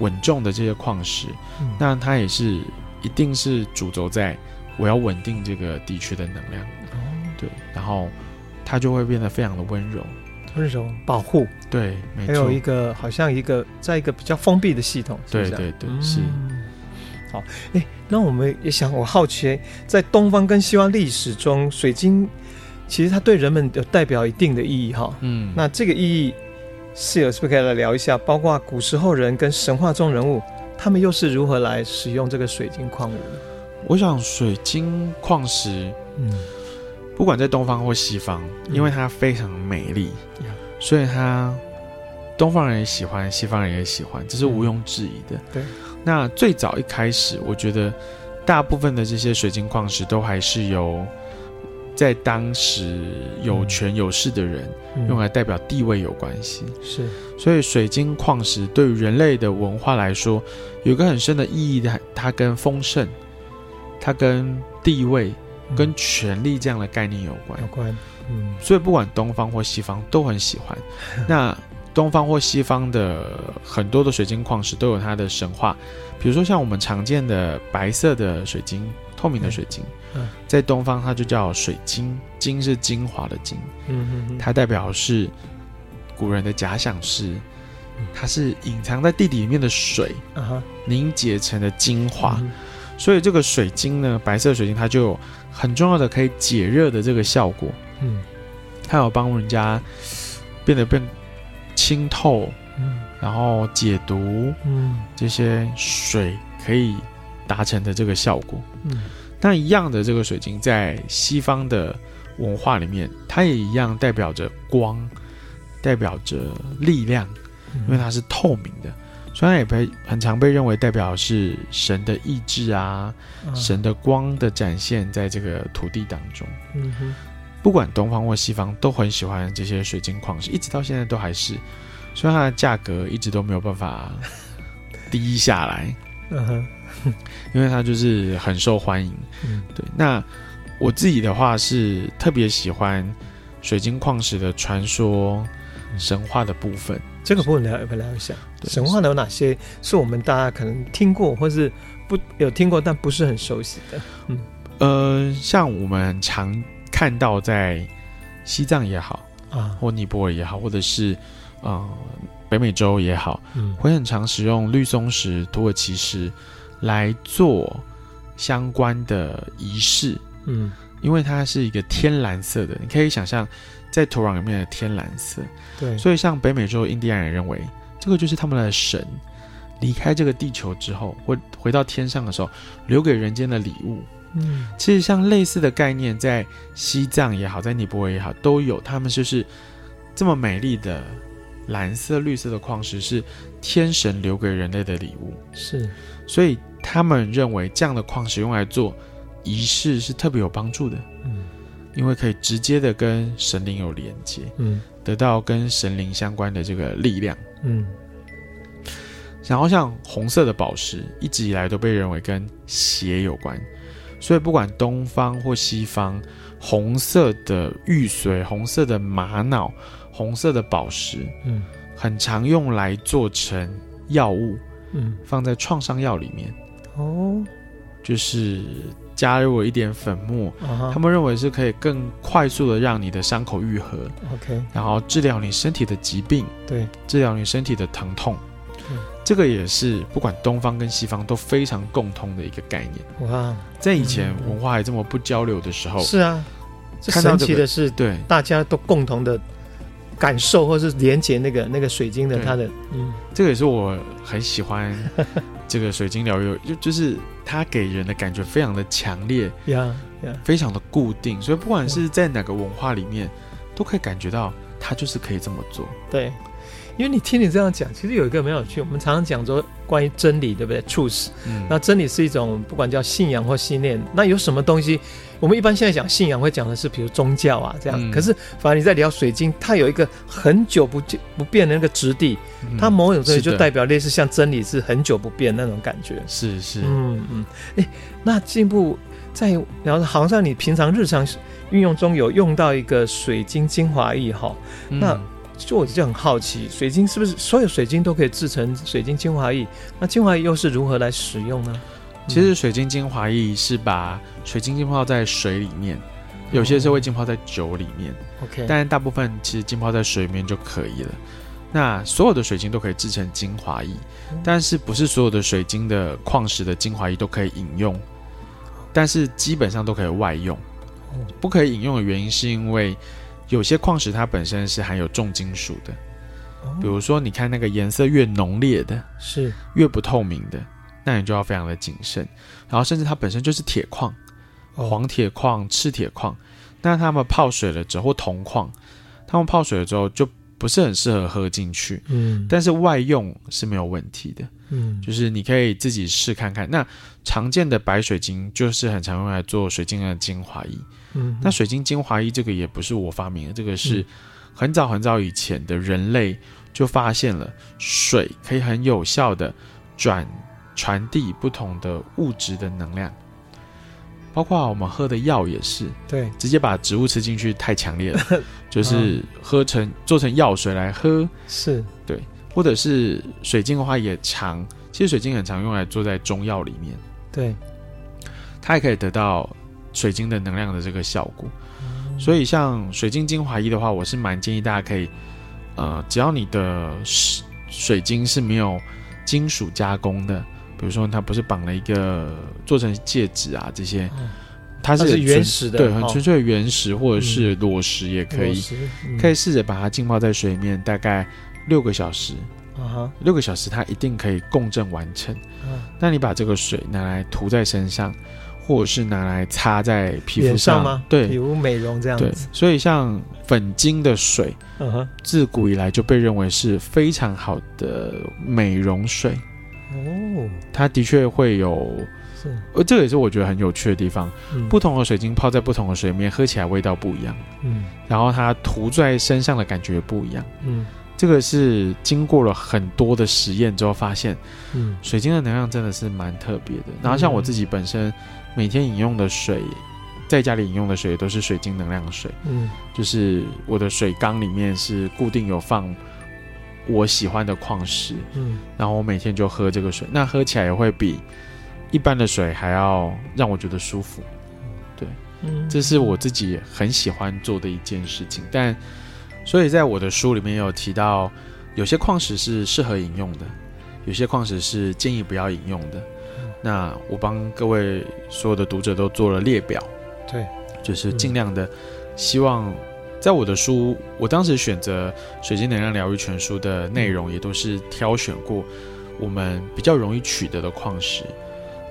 Speaker 2: 穩重的這些礦石，嗯、那它也是一定是主軸在我要穩定這個地區的能量，嗯、對。然後它就會變得非常的溫柔，溫柔保護，對，沒錯，還有一
Speaker 1: 個好像一個在一個比較封閉的系統，是是對對對，嗯、是。好，哎、欸，那我們也想，我好奇，在東方跟西方歷史中，水晶其實它對人們有代表一定的意義哈。嗯，那這個意義。室友是不是可以來聊一下，包括古時候人跟神話中人物，他們又是如何來使用這個水晶礦物？
Speaker 2: 我想，水晶礦石，嗯，不管在東方或西方，因為它非常美麗，嗯、所以它東方人也喜歡，西方人也喜歡，這是毋庸置疑的。嗯、對，那最早一開始，我覺得大部分的這些水晶礦石都還是由。在當時有權有勢的人用來代表地位有關係，是。所以水晶礦石對於人類的文化來說，有個很深的意義，它跟豐盛、它跟地位、跟權力這樣的概念有關。有關。嗯。所以不管東方或西方都很喜歡。那東方或西方的很多的水晶礦石都有它的神話，比如說像我們常見的白色的水晶、透明的水晶。啊、在東方，它就叫水晶，晶是精華的晶。嗯、哼哼，它代表是古人的假想是，嗯、它是隱藏在地底裡面的水、啊、哈凝結成的精華，嗯、哼所以這個水晶呢，白色水晶它就有很重要的可以解熱的這個效果。嗯、它有幫人家變得變清透，嗯、然後解毒，這些水可以達成的這個效果。嗯但一樣的這個水晶，在西方的文化裡面，它也一樣代表着光，代表着力量，因為它是透明的。嗯，所以它也被很常被認為代表是神的意志啊，啊，神的光的展現在這個土地當中。嗯哼，不管東方或西方，都很喜歡這些水晶礦石，一直到現在都還是，所以它的價格一直都沒有辦法低下來。嗯哼。因為它就是很受歡迎，嗯、對。那我自己的話是特別喜歡水晶礦石的傳說、神話的部分。
Speaker 1: 嗯、是這個部分聊要不要聊一下？對神話的有哪些是我們大家可能聽過，或是不有聽過但不是很熟悉的？嗯、
Speaker 2: 呃，像我們常看到在西藏也好啊，或尼泊爾也好，或者是、呃、北美洲也好，嗯、會很常使用綠松石、土耳其石。來做相關的儀式，嗯，因為它是一個天藍色的，你可以想象在土壤裡面的天藍色，對，所以像北美洲印第安人認為這個就是他們的神離開這個地球之後或回到天上的時候留給人間的禮物，嗯，其實像類似的概念在西藏也好，在尼泊爾也好都有，他們就是這麼美麗的。藍色、綠色的礦石是天神留給人類的禮物，是，所以他們認為這樣的礦石用來做儀式是特別有幫助的，嗯，因為可以直接的跟神靈有連接，嗯，得到跟神靈相關的這個力量，嗯。然後像紅色的寶石，一直以來都被認為跟血有關，所以不管東方或西方，紅色的玉髓、紅色的，紅色的瑪瑙。紅色的寶石，嗯，很常用來做成藥物，嗯，放在創傷藥裡面，哦，就是加入一點粉末，他們認為是可以更快速的讓你的傷口癒合，OK，然後治療你身體的疾病，對，治療你身體的疼痛，這個也是不管東方跟西方都非常共通的一個概念。哇，在以前文化還這麼不交流的時候，是啊，神奇的是，對，
Speaker 1: 大家都共同的。感受，或是連接那個
Speaker 2: 那個水晶的，對它的，嗯，這個也是我很喜歡這個水晶療癒，就 就是它給人的感覺非常的強烈，呀
Speaker 3: ，Yeah, yeah.
Speaker 2: 非常的固定，所以不管是在哪個文化裡面，哇都可以感覺到它就是可以這麼做。
Speaker 1: 對，因為你聽你這樣講，其實有一個很有趣，我們常常講說關於真理，對不對？truth，嗯，那真理是一種不管叫信仰或信念，那有什麼東西？我們一般現在講信仰，會講的是比如宗教啊這樣。嗯、可是，反而你在聊水晶，它有一個很久不不變的那個質地，嗯、它某種就代表類似像真理是很久不變的那種感覺。是是。嗯嗯。嗯欸、那進步在聊好像,像你平常日常運用中有用到一個水晶精華液哈？嗯、那就我就很好奇，水晶是不是所有水晶都可以制成水晶精華液？那精華液又是如何來使用呢？
Speaker 2: 其實水晶精華液是把水晶浸泡在水裡面，有些是會浸泡在酒裡面，OK，嗯，但大部分其實浸泡在水裡面就可以了。那所有的水晶都可以製成精華液，但是不是所有的水晶的礦石的精華液都可以飲用，但是基本上都可以外用。不可以飲用的原因是因為有些礦石它本身是含有重金屬的，
Speaker 3: 比如
Speaker 2: 說你看那個顏色越濃烈的是越不透明的。那你就要非常的謹慎，然後甚至它本身就是鐵礦，黃鐵礦、赤鐵礦，那他們泡水了之後，銅礦，他們泡水了之後就不是很適合喝進去，嗯，但是外用是沒有問題的，嗯，就是你可以自己試看看。那常見的白水晶就是很常用來做水晶的精華液，嗯哼，那水晶精華液這個也不是我發明的，這個是很早很早以前的人類就發現了水可以很有效的轉。傳遞不同的物質的能量，包括我們喝的藥也是，對，直接把植物吃進去太強烈了，就是喝成做成藥水來喝，是，對，或者是水晶的話也常，其實水晶很常用來做在中藥裡面，對，它也可以得到水晶的能量的這個效果，所以像水晶精華液的話，我是蠻建議大家可以，呃，只要你的水晶是沒有金屬加工的。比如說，它不是綁了一個做成戒指啊這些，它是，它是原始的對，很、哦、純粹的原石或者是裸石也可以，嗯嗯、可以試着把它浸泡在水裡面，大概六個小時，嗯、六個小時它一定可以共振完成。嗯、那你把這個水拿來塗在身上，或者是拿來擦在皮膚上嗎？對，比如
Speaker 1: 美容這樣子。對，
Speaker 2: 所以像粉晶的水，嗯、自古以來就被認為是非常好的美容水。哦，它的確會有，是而這個也是我覺得很有趣的地方。嗯、不同的水晶泡在不同的水裡面，喝起來味道不一樣。嗯，然後它塗在身上的感覺不一樣。嗯，這個是經過了很多的實驗之後發現，嗯，水晶的能量真的是蠻特別的。然後像我自己本身每天飲用的水，在家裡飲用的水都是水晶能量水。嗯，就是我的水缸裡面是固定有放。我喜歡的礦石，嗯，然後我每天就喝這個水，那喝起來也會比一般的水還要讓我覺得舒服，對，嗯，這是我自己很喜歡做的一件事情。但，所以在我的書裡面有提到，有些礦石是適合飲用的，有些礦石是建議不要飲用的。嗯，那我幫各位所有的讀者都做了列表，對，就是盡量的希望。在我的書，我當時選擇《水晶能量療癒全書》的內容，也都是挑選過我們比較容易取得的礦石。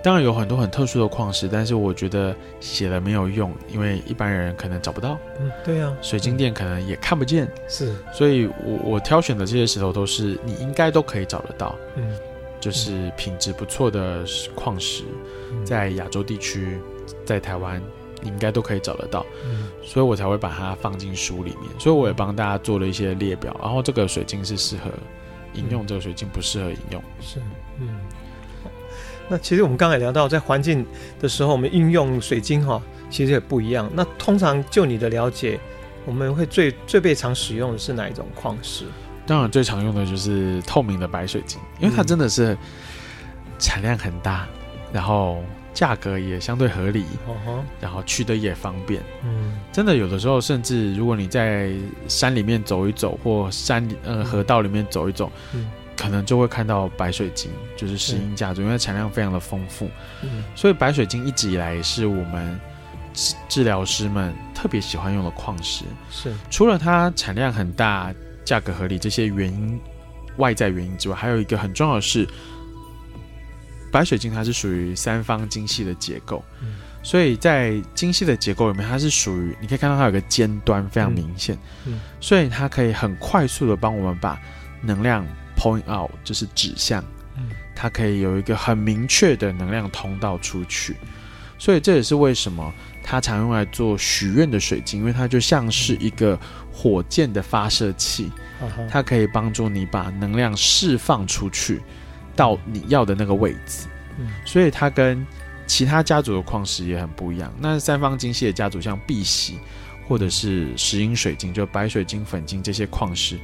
Speaker 2: 當然有很多很特殊的礦石，但是我覺得寫了沒有用，因為一般人可能找不到。嗯，對啊，水晶店可能也看不見。是，嗯，所以我我挑選的這些石頭都是你應該都可以找得到。嗯，就是品質不錯的礦石，嗯，在亞洲地區，在台灣，你應該都可以找得到。嗯所以我才會把它放進書裡面，所以我也幫大家做了一些列表。然後這個水晶是適合飲用，嗯、這個水晶不適合飲用。是，
Speaker 1: 嗯好。那其實我們剛才聊到在環境的時候，我們運用水晶哈，其實也不一樣。那通常就你的了解，我們會最最被常使用的是哪一種礦石？
Speaker 2: 當然最常用的就是透明的白水晶，因為它真的是產量很大，嗯、然後。價格也相對合理，uh huh. 然後去的也方便。Uh huh. 真的有的時候，甚至如果你在山裡面走一走，或山呃、uh huh. 河道裡面走一走，uh huh. 可能就會看到白水晶，就是石英家族，uh huh. 因為產量非常的豐富。Uh huh. 所以白水晶一直以來是我們治療師們特別喜歡用的礦石。是、uh，huh. 除了它產量很大、價格合理這些原因外在原因之外，還有一個很重要的是。白水晶它是屬於三方晶系的結構，嗯、所以在晶系的結構裡面，它是屬於你可以看到它有個尖端非常明顯，嗯嗯、所以它可以很快速的幫我們把能量 point out 就是指向，嗯、它可以有一個很明確的能量通道出去，所以這也是為什麼它常用來做許願的水晶，因為它就像是一個火箭的發射器，嗯、它可以幫助你把能量釋放出去。到你要的那個位置，所以它跟其他家族的礦石也很不一樣。那三方晶系的家族像，像碧璽或者是石英水晶，就白水晶、粉晶這些礦石，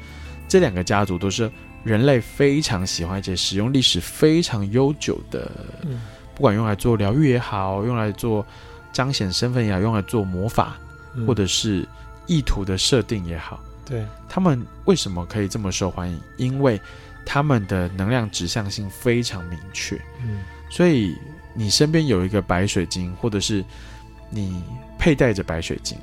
Speaker 2: 這兩個家族都是人類非常喜歡且使用歷史非常悠久的。不管用來做療癒也好，用來做彰顯身份也好，用來做魔法或者是意圖的設定也好，對他們為什麼可以這麼受歡迎？因為他們的能量指向性非常明確，嗯，所以你身邊有一個白水晶，或者是你佩戴着白水晶，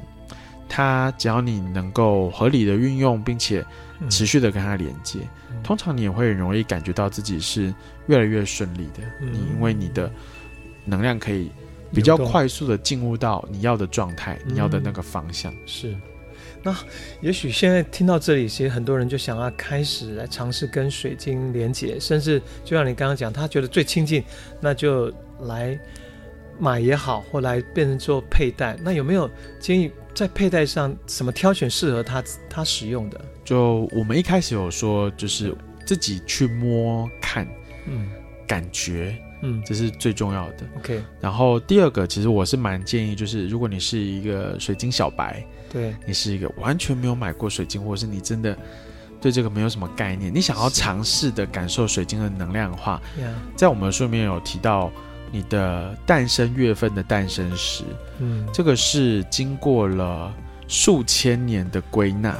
Speaker 2: 它只要你能夠合理的運用，並且持續的跟它連接，嗯，通常你也會很容易感覺到自己是越來越順利的。嗯，你因為你的能量可以比較快速的進入到你要的狀態，嗯，你要的那個方向是。
Speaker 1: 那也許現在聽到這裡，其實很多人就想要開始來嘗試跟水晶連接，甚至就像你剛剛講，他覺得最親近，那就來買也好，或來變成做佩戴。那有沒有建議在佩戴上，怎麼挑選適合他他使用的？
Speaker 2: 就我們一開始有說，就是自己去摸看，嗯，感覺，嗯，這是最重要的。OK。然後第二個，其實我是蠻建議，就是如果你是一個水晶小白。對，你是一個完全沒有買過水晶，或是你真的對這個沒有什麼概念，你想要嘗試的感受水晶的能量的話，yeah. 在我們書裡面有提到你的誕生月份的誕生石，嗯，這個是經過了數千年的歸納，啊、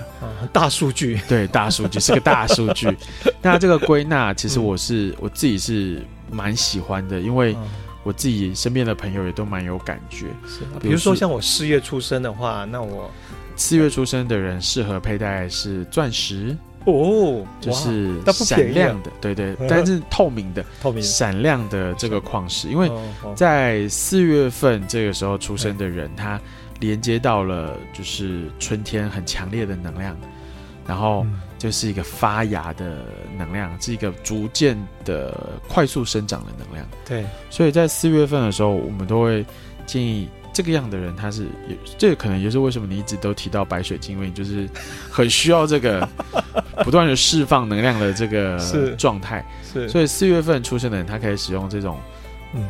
Speaker 2: 大數據，對大數據是個大數據。 那這個歸納其實我是、嗯、我自己是蠻喜歡的，因為。啊我自己身邊的朋友也都蠻有感覺，是、啊，比如說像我四月出生的話，那我四月出生的人適合佩戴是鑽石
Speaker 1: 哦，就是閃亮的，
Speaker 2: 啊、對對， 但是透明的，透明閃亮的這個礦石，因為在四月份這個時候出生的人，哦哦、他連接到了就是春天很強烈的能量，嗯、然後。就是一個發芽的能量，是一個逐漸的快速生長的能量。對，所以在四月份的時候，我們都會建議這個樣的人，他是也這個可能也是為什麼你一直都提到白水晶，因為你就是很需要這個不斷的釋放能量的這個狀態。 是所以四月份出生的人，他可以使用這種。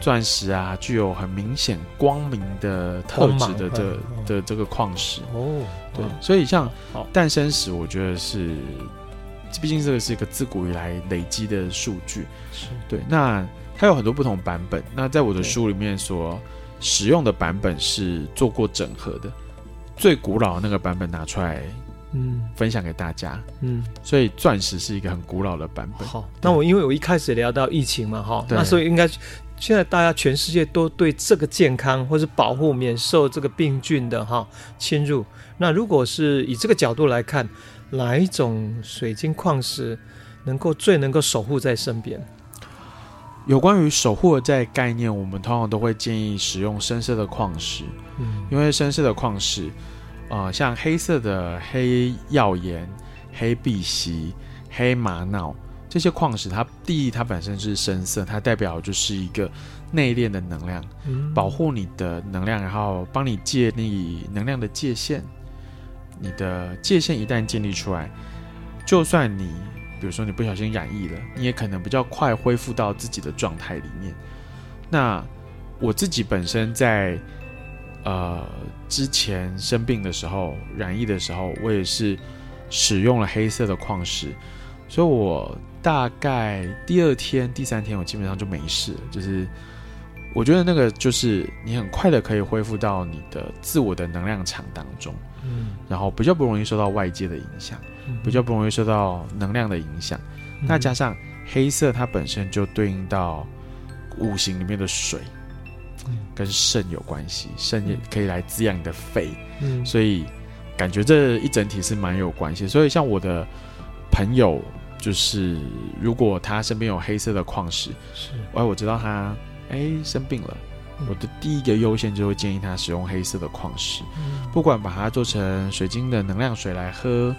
Speaker 2: 鑽、嗯、石啊，具有很明顯光明的特質的這、oh, man. 的，的這個礦石哦
Speaker 3: ，oh. 對，
Speaker 2: 所以像誕生石我覺得是，oh. 畢竟這個是一個自古以來累積的數據，是對。那它有很多不同版本，那在我的書裡面所使、oh. 用的版本是做過整合的，最古老的那個版本拿出來，嗯，分享給大家，嗯，oh. 所以鑽石是一個很古老的版本。好、oh.
Speaker 1: 對，那我因為我一開始聊到疫情嘛，哈對，那所以應該。現在大家，全世界都對這個健康，或是保護免受這個病菌的哈侵入。那如果是以這個角度來看，哪一種水晶礦石能夠最能夠守護在身邊？
Speaker 2: 有關於守護的這概念，我們通常都會建議使用深色的礦石，嗯，因為深色的礦石，啊，呃，像黑色的黑曜岩、黑碧璽、黑瑪瑙。這些礦石，它第一，它本身是深色，它代表就是一個內斂的能量，保護你的能量，然後幫你建立能量的界限。你的界限一旦建立出來，就算你，比如說你不小心染疫了，你也可能比較快恢復到自己的狀態裡面。那我自己本身在呃之前生病的時候，染疫的時候，我也是使用了黑色的礦石，所以我。大概第二天、第三天，我基本上就沒事了。就是我覺得那個，就是你很快的可以恢復到你的自我的能量場當中，嗯，然後比較不容易受到外界的影響，嗯、比較不容易受到能量的影響。嗯、那加上黑色，它本身就對應到五行裡面的水，跟腎有關係，嗯、腎也可以來滋養你的肺，嗯、所以感覺這一整體是蠻有關係。所以像我的朋友。就是如果他身邊有黑色的礦石，是、哎，我知道他誒、欸、生病了，嗯、我的第一個優先就會建議他使用黑色的礦石，嗯、不管把它做成水晶的能量水來喝，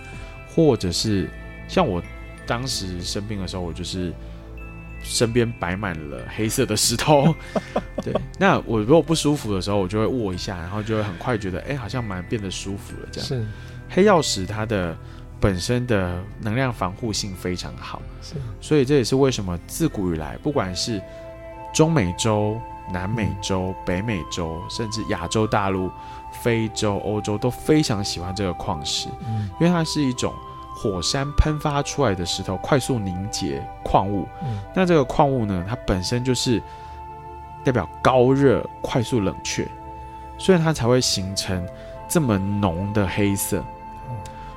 Speaker 2: 或者是像我當時生病的時候，我就是身邊擺滿了黑色的石頭， 對，那我如果不舒服的時候，我就會握一下，然後就會很快覺得誒、欸，好像蠻變得舒服了這樣。是黑曜石它的本身的能量防護性非常好，是，所以這也是為什麼自古以來，不管是中美洲、南美洲、北美洲，甚至亞洲大陸、非洲、歐洲，都非常喜歡這個礦石，因為它是一種火山噴發出來的石頭，快速凝結礦物。那這個礦物呢，它本身就是代表高熱，快速冷卻，所以它才會形成這麼濃的黑色。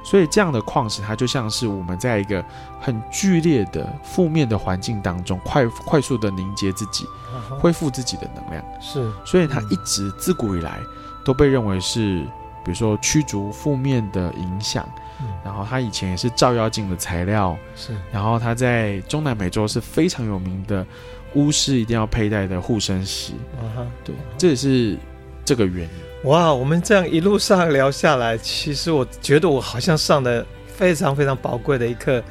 Speaker 2: 所以這樣的礦石，它就像是我們在一個很劇烈的負面的環境當中，快快速的凝結自己，恢復自己的能量。是，所以它一直自古以來都被認為是，比如說驅逐負面的影響。然後它以前也是照妖鏡的材料。是，然後它在中南美洲是非常有名的巫師一定要佩戴的護身石。啊哈，對，這也是這個原因。
Speaker 1: 哇，wow, 我們這樣一路上聊下來，其實我覺得我好像上了非常非常寶貴的一課，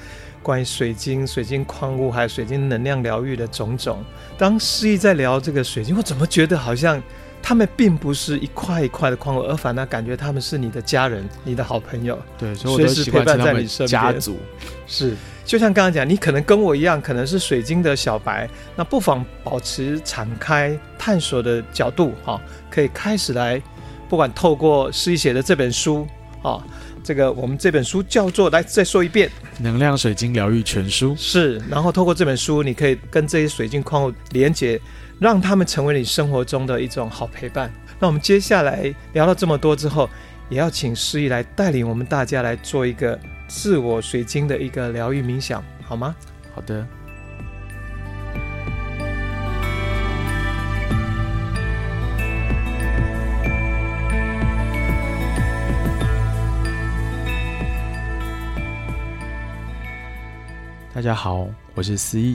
Speaker 1: 關於水晶、水晶礦物還有水晶能量療癒的種種。當思逸在聊這個水晶，我怎麼覺得好像他們並不是一塊一塊的礦物，而反而感覺他們是你的家人，你的好朋友，對，所以隨時陪伴在你身邊。家族是，就像剛剛講，你可能跟我一樣，可能是水晶的小白，那不妨保持敞開探索的角度，哈、哦，可以開始來。不管透過思逸寫的這本書啊、哦，這個我們這本書叫做，來再說一遍，
Speaker 2: 《能量水晶療癒全
Speaker 1: 書》。是，然後透過這本書，你可以跟這些水晶礦物連接，讓它們成為你生活中的一種好陪伴。那我們接下來聊了這麼多之後，也要請思逸來帶領我們大家來做一個自我水晶的一個療癒冥想，
Speaker 2: 好嗎？好的。大家好，我是思逸。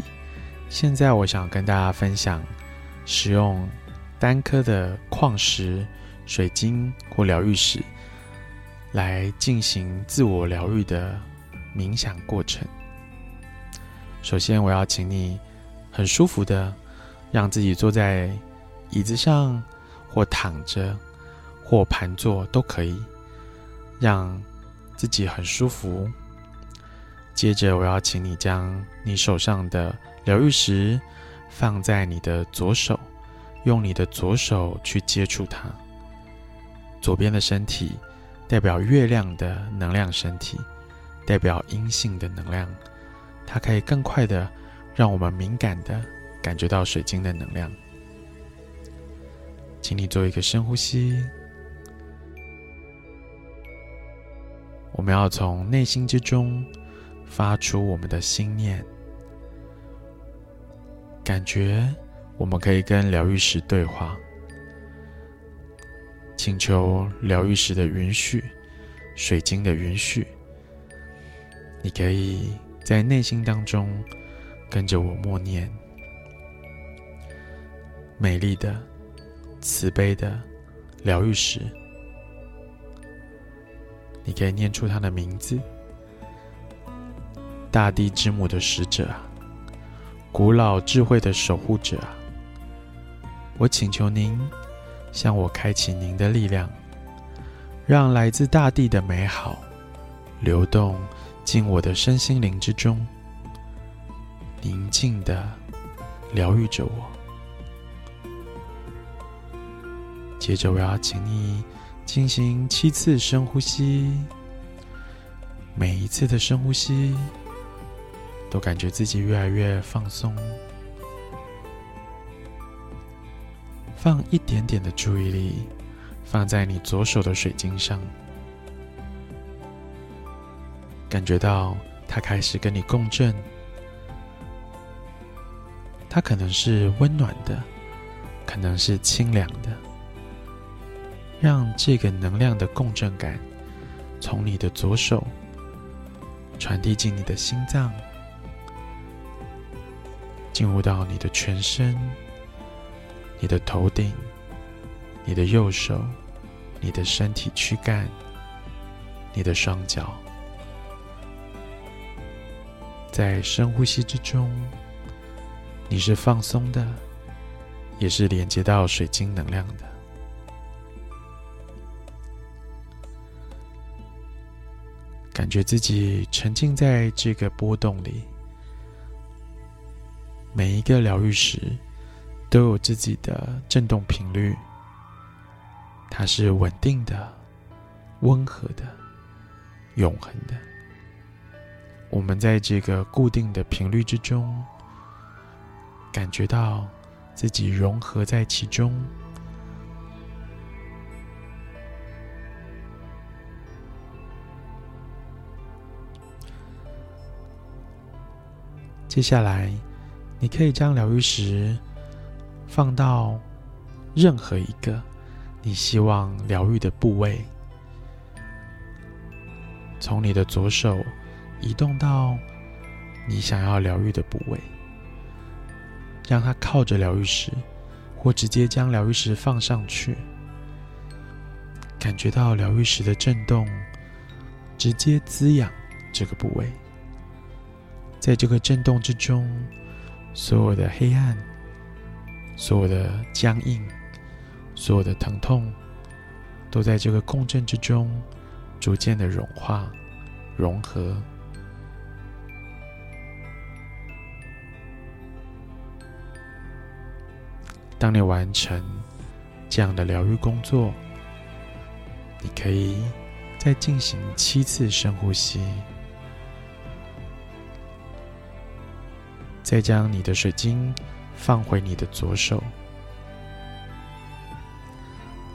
Speaker 2: 現在我想跟大家分享使用單顆的礦石、水晶或療癒石來進行自我療癒的冥想過程。首先，我要請你很舒服的讓自己坐在椅子上，或躺着，或盤坐都可以，讓自己很舒服。接着，我要請你將你手上的療癒石放在你的左手，用你的左手去接觸它。左邊的身體代表月亮的能量，身體代表陰性的能量，它可以更快的讓我們敏感的感覺到水晶的能量。請你做一個深呼吸。我們要從內心之中。發出我們的心念，感覺我們可以跟療癒石對話，請求療癒石的允許，水晶的允許。你可以在內心當中跟着我默念：美麗的、慈悲的療癒石。你可以念出他的名字。大地之母的使者，古老智慧的守護者，我請求您向我開啟您的力量，讓來自大地的美好流動進我的身心靈之中，寧靜的療癒着我。接着，我要請你進行七次深呼吸，每一次的深呼吸。都感覺自己越來越放鬆。放一點點的注意力，放在你左手的水晶上，感覺到它開始跟你共振。它可能是溫暖的，可能是清涼的，讓這個能量的共振感從你的左手傳遞進你的心臟。進入到你的全身、你的頭頂、你的右手、你的身體軀幹、你的雙腳，在深呼吸之中，你是放鬆的，也是連接到水晶能量的，感覺自己沉浸在這個波動裡。每一個療癒石，都有自己的振動頻率，它是穩定的、溫和的、永恆的。我們在這個固定的頻率之中，感覺到自己融合在其中。接下來。你可以將療癒石放到任何一個你希望療癒的部位，從你的左手移動到你想要療癒的部位，讓它靠着療癒石，或直接將療癒石放上去，感覺到療癒石的震動，直接滋養這個部位，在這個震動之中。所有的黑暗，所有的僵硬，所有的疼痛，都在這個共振之中逐漸的融化、融合。當你完成這樣的療癒工作，你可以再進行七次深呼吸。再將你的水晶放回你的左手。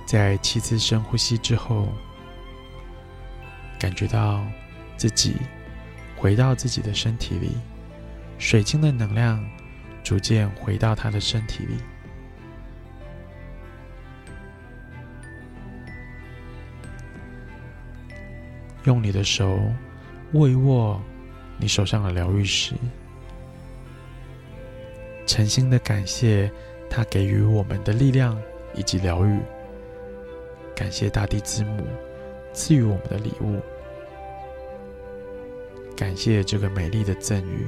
Speaker 2: 在七次深呼吸之後，感覺到自己回到自己的身體裡，水晶的能量逐漸回到它的身體裡。用你的手握一握你手上的療癒石。誠心的感謝他給予我們的力量以及療癒，感謝大地之母賜予我們的禮物，感謝這個美麗的贈予，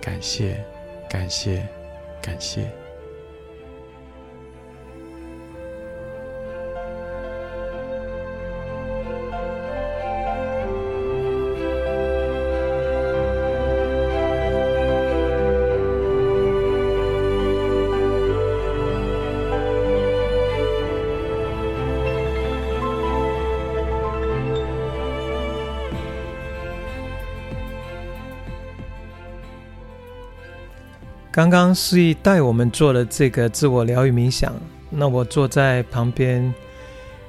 Speaker 2: 感謝，感謝，感謝。
Speaker 1: 剛剛思逸帶我們做了這個自我療癒冥想，那我坐在旁邊，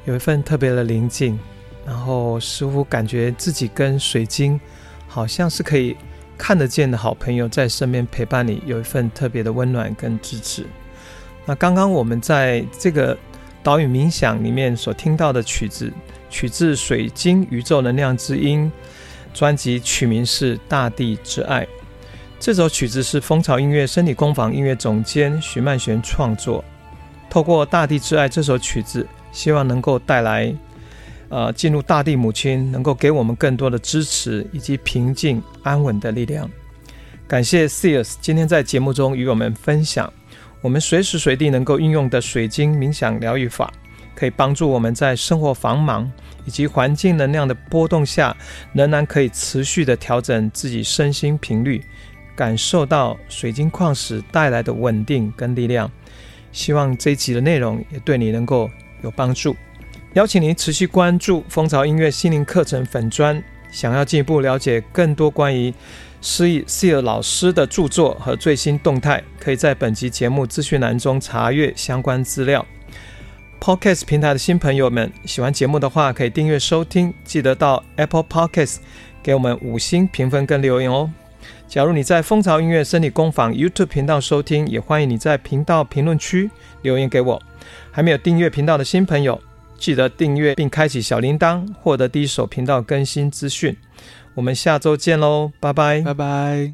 Speaker 1: 有一份特別的寧靜，然後似乎感覺自己跟水晶，好像是可以看得見的好朋友在身邊陪伴你，有一份特別的溫暖跟支持。那剛剛我們在這個島嶼冥想裡面所聽到的曲子，取自《水晶宇宙能量之音》專輯，曲名是《大地之愛》。這首曲子是風潮音樂身體工坊音樂總監許嫚烜創作。透過《大地之愛》這首曲子，希望能夠帶來，呃，進入大地母親，能夠給我們更多的支持以及平靜、安穩的力量。感謝 Seer 今天在節目中與我們分享，我們隨時隨地能夠運用的水晶冥想療癒法，可以幫助我們在生活繁忙以及環境能量的波動下，仍然可以持續的調整自己身心頻率。感受到水晶礦石帶來的穩定跟力量，希望這一集的內容也對你能夠有幫助。邀請您持續關注風潮音樂心靈課程粉專，想要進一步了解更多關於思逸 Seer 老師的著作和最新動態，可以在本集節目資訊欄中查閱相關資料。Podcast 平台的新朋友們，喜歡節目的話可以訂閱收聽，記得到 Apple Podcast 給我們五星評分跟留言哦。假如你在風潮音樂生理工坊 YouTube 頻道收聽，也歡迎你在頻道評論區留言給我。還沒有訂閱頻道的新朋友，記得訂閱並開啟小鈴鐺，獲得第一手頻道更新資訊。我們下周見嘍，拜拜，拜拜。